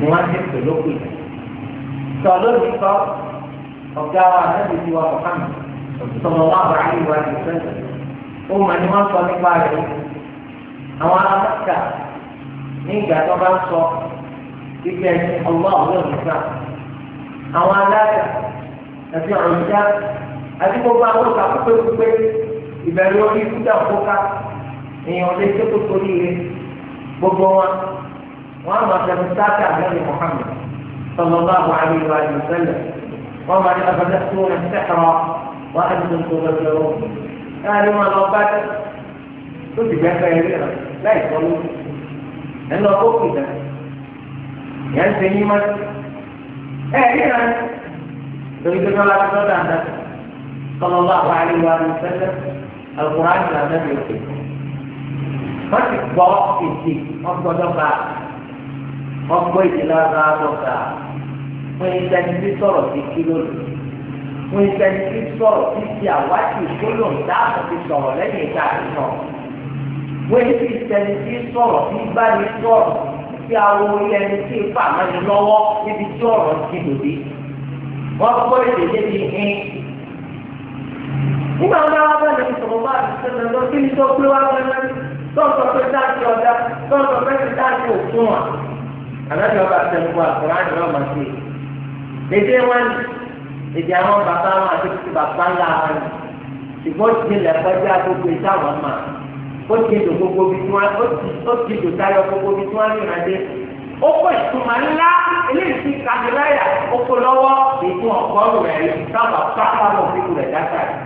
ni wọ́n ti pè lópè sọ lónìí sọ ọ̀gá wa àti ti wa mọ̀hánì sọ̀rọ̀ wá wà ní ìwà ó mà ní wọ́n sọ nípa rẹ̀ àwọn alákàtà ní ìgbà tó bá sọ gbígbẹ́ ní ọgbà ọ̀gbọ́n nìkan àwọn alága àti ọ̀rọ̀ ìjà àti gbogbo àwọn òkà pípé ìbẹ̀rù orí kúdà kóká. èèyàn lè tó tó torí rẹ gbogbo wọn wọn á máa tẹnu sáàkì àgbẹ̀lẹ̀ Muhammad sallallahu bá wa ní sallam wọn máa ní abẹ́lẹ́ tó rẹ sẹ́kọ̀rọ̀ wọn á dùn tó lọ jọ wọn. káàdì máa lọ bá dé tó ti gbẹ́ fẹ́ rí rẹ láì sọ lóṣù ẹ̀ lọ kó kìdá yẹn ń sẹ́yìn mọ́ ẹ̀ rí rẹ torí pé lọ́la tó lọ́la àná sallallahu alaihi wa sallam alukóra àti àná mi ò kéwòn. wọ́n ti gbọ́ èdè wọ́n gbọ́dọ̀ bá wọ́n gbọ́ èdè lára lọ́gà wọ́n yẹ sẹ́ni tí sọ̀rọ̀ sí kí lónìí wọ́n yẹ sẹ́ni tí sọ̀rọ̀ sí ti àwájú gbólóhùn dáàbò ti sọ̀rọ̀ lẹ́yìn ìta àtúnṣe wọ́n yẹ sí sẹ́ni tí sọ̀rọ̀ sí báni sọ̀rọ̀ sí awo ẹni tí ipa mẹ́ni lọ́wọ́ níbi tí ọ̀rọ̀ ti lòdì wọ́n gbọ́ débi hìn nígbà wọn bá wá bá lẹ́yìn bá àtúnṣe lọ tọ́sọ̀ pé táàkì ọ̀dá tọ́sọ̀ pé táàkì òkun wa ànájọ bá tẹnukọ àkùrá ni wọn máa ṣe èdè wọn ni èdè àwọn bàbá wọn àti bàbá ńlá wọn ni ṣùgbọ́n ti lẹ̀ kọjá gbogbo ìtàwọn máa ó ti dò gbogbo bí tí wọn ó ti dò tayọ gbogbo bí tí wọn rí ìrìnàjẹ ó kó ìtumọ̀ ńlá eléyìí ti kàdé láyà ó kó lọ́wọ́ ètò ọ̀gọ́rùn rẹ̀ sábà pápá lọ sí ìlú rẹ̀ dáta yìí.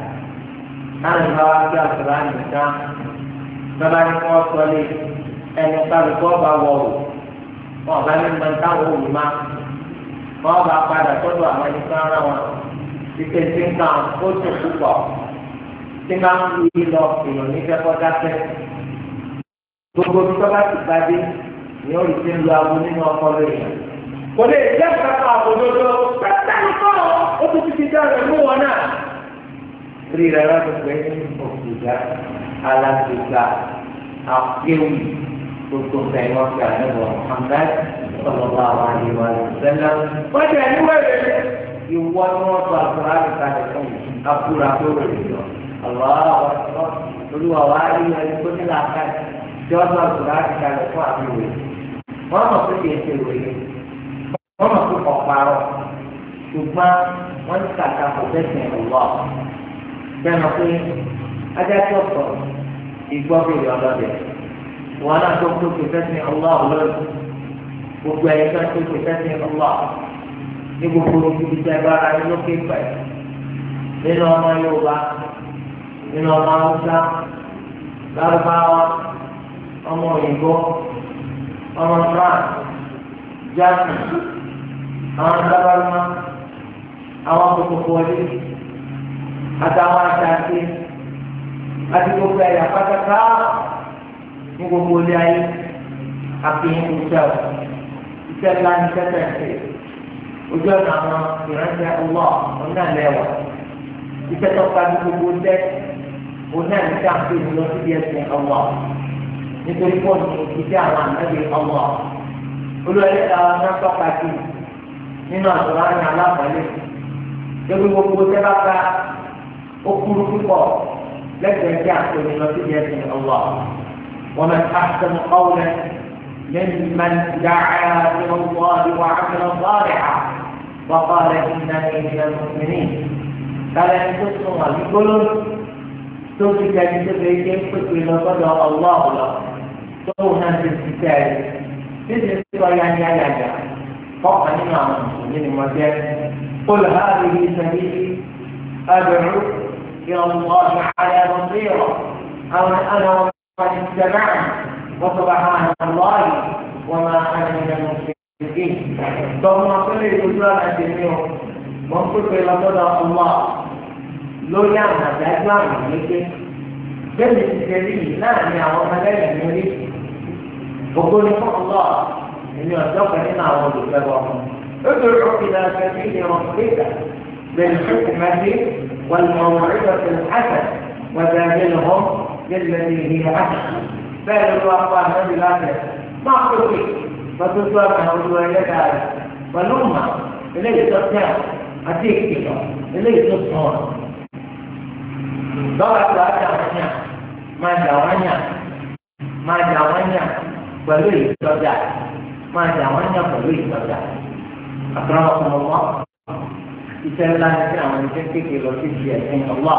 láàrin bá wá sí àkùrá nìkan bàbá ní kí wọ́n sọ lé ẹni kálukú ọba wọ̀ o wọn bá ní mọ táwọn òwì má wọn bá padà tọ́jú àwọn ẹni tó ara wọn títí tí ń kàn ó tó púpọ̀ tí máa ń lu yìí lọ èèyàn nífẹ̀ẹ́ kọ́ dákẹ́ gbogbo tí tọ́ba ti gbadé ni ó lè ti lu aago nínú ọkọ lóye kò lè jẹ́ ìgbàgbọ́ àbòdodo pátá nìkan ó tún ti fi dá rẹ̀ mú wọn náà rí rẹ̀ tó pé òkú ìjà alágbèéká àkéwì gbogbo nǹkan ìwọ́n fi àdébọ̀ Muhammad sọlọ́lá wa ni wà ló sẹ́lá. wọ́n ti ẹni wẹ̀rẹ̀ ìwọ ni wọ́n sọ àkùrá àdìsá rẹ̀ fún mi àkùrá tó rẹ̀ lọ. Àlọ́wọ́ olúwa wa rí ẹni tó ní làákà tí wọ́n sọ àkùrá àdìsá fún àbúrò wọ́n mọ̀ pé kìí ṣe ìwé wọ́n mọ̀ pé ọ̀parọ̀ ṣùgbọ́n wọ́n ti kàkà kò fẹ́ sìn ìwọ́ bẹ́ẹ̀ adájọ́ sọ ìgbọ́bìrì ọlọ́dẹ wọn náà tó tó pèsè sí ọlọ́ ọlọ́dẹ gbogbo ẹ̀yẹ tó tó pèsè sí ọlọ́ ní gbogbo ibi tẹ bá ara ní lókè pẹ̀ nínú ọmọ Yorùbá nínú ọmọ Haúsá Lárúbáwá ọmọ òyìnbó ọmọ France Germany àwọn sábàlùmá àwọn kòkòkò wọlé àtàwọn àtàkì àti gbogbo ẹ̀yà pátákà ní gbogbo ilé ayé àfihàn ìṣẹ́ o iṣẹ́ ńlá ní tẹ́tẹ́ ṣe ojú ọ̀nà àwọn ìránṣẹ́ ọlọ́ ọ̀nà lẹ́wà iṣẹ́ tó ka ní gbogbo tẹ́ ọ̀nà ní káàpé ní lọ síbi ẹ̀sìn ọlọ́ nítorí pọ̀ ní àwọn ànábì ọlọ́ olùwẹ̀lẹ́ àwọn náà tọ́ka sí nínú àtúrà ní alábàálẹ̀ gbogbo tẹ́ bá ka ó kúrú púpọ̀. لن يحصل بمسيئة الله ومن أحسن قولا ممن دعا إلى الله وعمل صالحا وقال إنني من المؤمنين فلا ينقصها بكل تلك الجبريل ينقص إلى قدر الله له كونها في الكتاب تدرس يعني يعني فقط نعم من المسيح قل هذه سبيلي أدعو إلى الله على بصيرة أو أنا وقد السماء وسبحان الله وما أنا من المشركين ثم كل الإسلام أجمعهم منقل إلى قدر الله لو يعمل بأسلام عليك بل السبيل لا أن يعمل هذا يملك وقل الله إني أتوقع إن أعوذ بالله ادعو إلى سبيل ربك بالحكمة والموعظة الحسن وجاملهم بالتي هي أحسن فإن الله قال ما قلت فتصاب هو يدعى فلما إليه تصنع أتيك إليه تصنع ضغط لا تعني ما جاوانيا ما جاوانيا فلوي تصنع ما جاوانيا فلوي تصنع أكرمكم الله iṣẹ́ ńlá ní sí àwọn iṣẹ́ kékeré lọ sí ibi ẹ̀sìn ọlọ́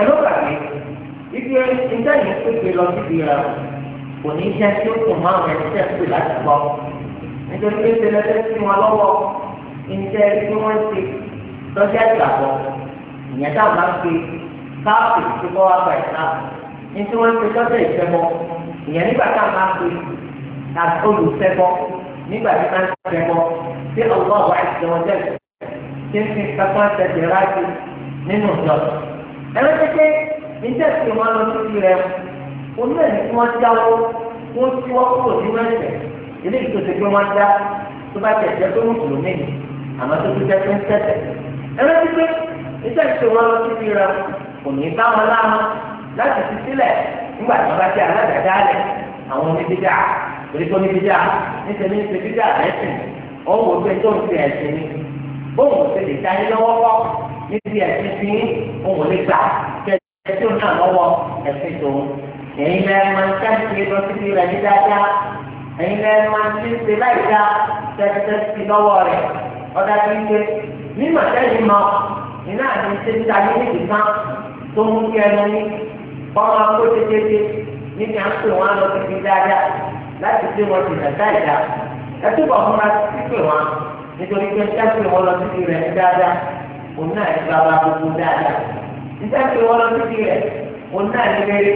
ẹ̀rọ gbàgbé ibi iṣẹ́ yẹn kékeré lọ sí ibi rẹ̀ kò ní iṣẹ́ tí ó kùn mọ́ àwọn iṣẹ́ pè láti gbọ́ nítorí pé ṣe lẹ́sẹ̀ sí wọn lọ́wọ́ iṣẹ́ tí wọ́n ṣe lọ́jọ́ ìgbàgbọ́ ìyẹn tá a máa ń pe káàpì tí kọ́ wá gba ìta ní tí wọ́n ṣe lọ́jọ́ ìṣẹ́bọ ìyẹn nígbà tá a máa ń pe olùṣẹ́bọ nígbà tí wọ́n ṣe ṣẹ́bọ tí ọlọ́wọ́ àìsàn ọjọ́ ìṣẹ́ tí ń fi kápá tẹ̀sẹ̀ láti nínú ìjọ. ẹ̀rọ kékeré níjẹ́ tí wọ́n lọ sí ilẹ̀ oní ẹ̀ ní kí wọ́n jáwọ́ wọ́n tí wọ́n kúrò nínú ẹ̀sẹ̀ ilé ìtòsí pé wọ́n já tó bá tẹ̀sẹ̀ tó mùsùlùmí ni àmọ́ tó tó jẹ́ tó ń tẹ̀sẹ̀. ẹ̀rọ kékeré níjẹ́ tí wọ́n lọ sí ilẹ̀ kò ní bá wọn láwọn láti fi sílẹ̀ nígbà tí wọ́n bá jẹ́ aládàáda rẹ̀ àwọn onídídá torí tó onídídá níṣẹ́ ní ṣe dídá ẹ̀sìn ọ̀wọ́ pé tó ń fi ẹ̀sìn ni bóun ṣe lè dá lọ́wọ́ wọ́ níbi ẹ̀sìn tí òun lè gbà kẹ́ẹ̀ẹ́ tí náà lọ́wọ́ ẹ̀sìn tòun. ẹ̀yin lẹ́yìn máa ń tẹ́sí lọ síbi rẹ̀ ní dáadáa ẹ̀yin lẹ́yìn máa ń ti ṣe láì dá tẹ́tẹ́tẹ́sí lọ́wọ́ rẹ̀ ọ̀dà tí ń gbé mímọ̀ sẹ́yìn mọ́ iná àti ṣe ń ta níbi kan tó mú kí ẹnu ní ọmọ akó níbi à wọn lọ síbi dáadáa láti gbé wọn ti nítorí pé sáfì wọn lọ títí rẹ̀ ní dáadáa òun náà ní bàbá gbogbo dáadáa sáfì wọn lọ títí rẹ̀ òun náà ní rere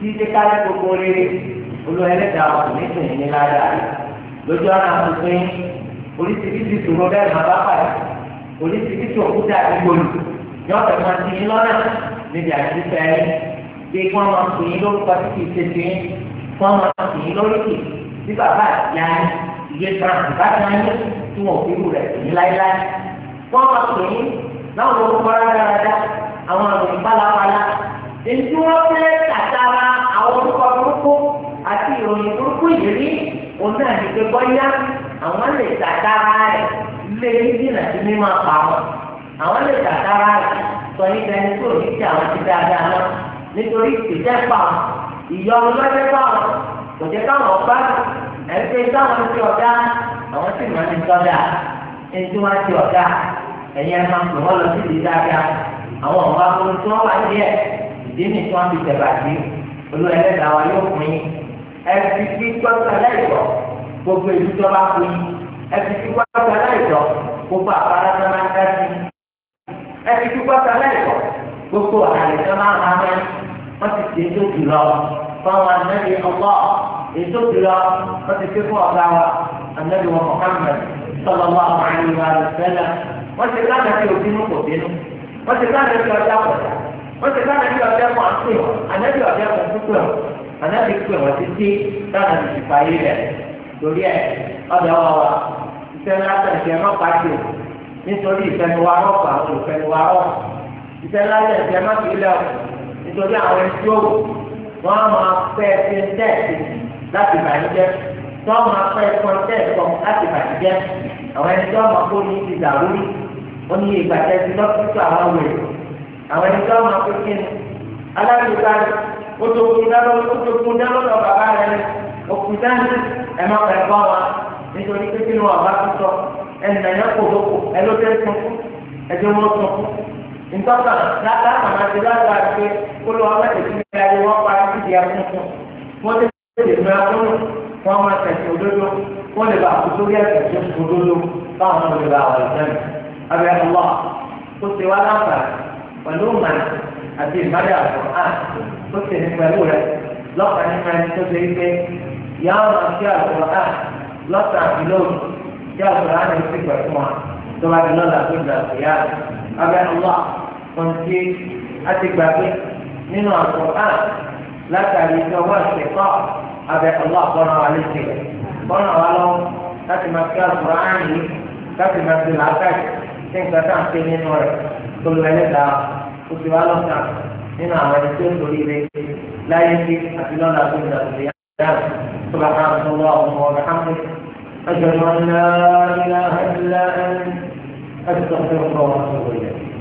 tí ṣe kárí gbogbo rere olú ẹlẹ́dàá wọn ní tòun ní ládàá lójú ọ̀nà àtúntún oríṣiríṣi ìṣòro bẹ́ẹ̀ máa bá pàdé oríṣiríṣi òkúta ìgbòlù yọ ọ̀tẹ̀ máa ti yín lọ́nà níbi àtúntẹ̀ bí wọ́n máa pè yín lórúkọ títí ìṣèṣe yín wọ́n máa pè yín lóríkì ìgbé france bá ti ní tí wọn ò fi rú rẹ̀ èyí láéláé wọn máa pè é láwọn olùkọ́ rárára àwọn àròyìn pálapàla èyí tí wọ́n fẹ́ tàtàrà àwọn olùkọ́ burúkú àti ìròyìn burúkú ìrírí òun náà ní pé bọ́yá àwọn lè tàtàrà rẹ̀ lé nídìnnà sí mímọ́ pa wọn àwọn lè tàtàrà rẹ̀ sọ ní bẹni tó ní ti àwọn ti dáadáa náà nítorí ìtẹ́pà ìyọ kò jẹ́ káwọn bá ẹ̀rí pé táwọn ti ọ̀dá àwọn sì máa ti sọ́dà ẹni tí wọ́n ti ọ̀dá ẹ̀yìn ẹ̀ máa ń pè wọ́n lọ sí ìdí dáadáa àwọn ọ̀gá akọni tí wọ́n wà díẹ̀ ìdí nì tí wọ́n fi tẹ̀ bàjẹ́ olú ẹlẹ́dàá wa yóò pín ẹ̀sì tí gbọ́dọ̀ láìpọ̀ gbogbo ìlú tó bá pín ẹ̀sì tí gbọ́dọ̀ láìpọ̀ gbogbo àpárá tó máa ń dá sí ẹ̀sì tí gbọ́dọ̀ láìpọ̀ gbogbo àlè tó máa ń hàn mẹ́ wọ́n ti ṣe é tó jù lọ fáwọn anáyẹ ọgbọ́n ìtòkìlá wọ́n ti ké fún ọ̀gá wa anabi wa Muhammad sallallahu alaihi wa sallam wọ́n ti ká nàbí òbínú kò bínú wọ́n ti ká nàbí ọjà kọjá wọ́n ti ká nàbí ọjà kọ àpè wọn anabi ọjà kọ púpọ̀ anabi pè wọn títí táwọn ti fà yé rẹ̀ lórí ẹ̀ ọ̀dọ̀ wa wa ìfẹ́ ńlá tẹ̀sí ẹ̀ o nítorí ìfẹ́niwa rọ́pò àwọn olùfẹ́niwa rọ́pò ìfẹ́ ńlá tẹ̀sí ẹ̀ má fi o nítorí àwọn ẹni tí ó á máa fẹ́ ẹ láti bàjẹ́ tó máa pẹ́ kọ́ńtẹ́ ẹ̀kọ́ láti bàjẹ́ àwọn ẹni tó máa kó ní ti dàrú ó ní ìgbàjẹ́ ti lọ́sítù àwọn wẹ̀ àwọn ẹni tó máa kó kí ni alágbèéká ó tó kún dáná ó tó kún dáná lọ bàbá rẹ òkú dání ẹ má pẹ́ kọ́ wa nítorí pé kí ni wàá bá tó sọ ẹnìyàn kò lóko ẹ ló dé sùn fún ẹ dé wọ́n sùn fún ntọ́ka látàkà máa ti lágbàá pé kó ló wá mẹ́tẹ̀ẹ́sì ní ayé wọ́n parí ti di ẹkún fún wọ́n ti lè gba ọdún wọn máa tẹ̀sí òdodo wọn lè ba àkótórí ẹ̀sẹ̀ tó òdodo báwọn náà lè ba àwọn ìdáni abẹ́ ọlọ́ ó ti wá láǹfààní pẹ̀lú màní àti ìmọ̀lẹ́ àbọ̀ á ó ti ní pẹ̀lú rẹ lọ́kàn ní màní tó ṣe wípé ìyá wọn ti àbọ̀ á lọ́sàn àti lóòrùn tí àbọ̀ á ní ti pẹ̀ fún wa tó bá di lọ́la tó dà sí yá rẹ abẹ́ ọlọ́ kan tí a ti gbàgbé nínú àbọ̀ á látàrí iṣẹ́ ọwọ́ ìṣẹ̀kọ́ abẹ ọlọ́ọ̀kọ́nà wa létí rẹ̀ kọ́nà wa lọ láti máa fi àkùrọ̀ ààyè láti máa fi làákàyè tí nǹkan tá à ń pè nínú rẹ̀ tó lu ẹlẹ́dàá ti wá lọ́sà nínú àwọn ẹni tó ń torí rẹ̀ láyé sí àti lọ́la tó ń dà sí tó bá ká àwọn ọmọ ọmọ ọmọ káfíń أشهد أن لا إله إلا أنت أستغفرك وأتوب إليك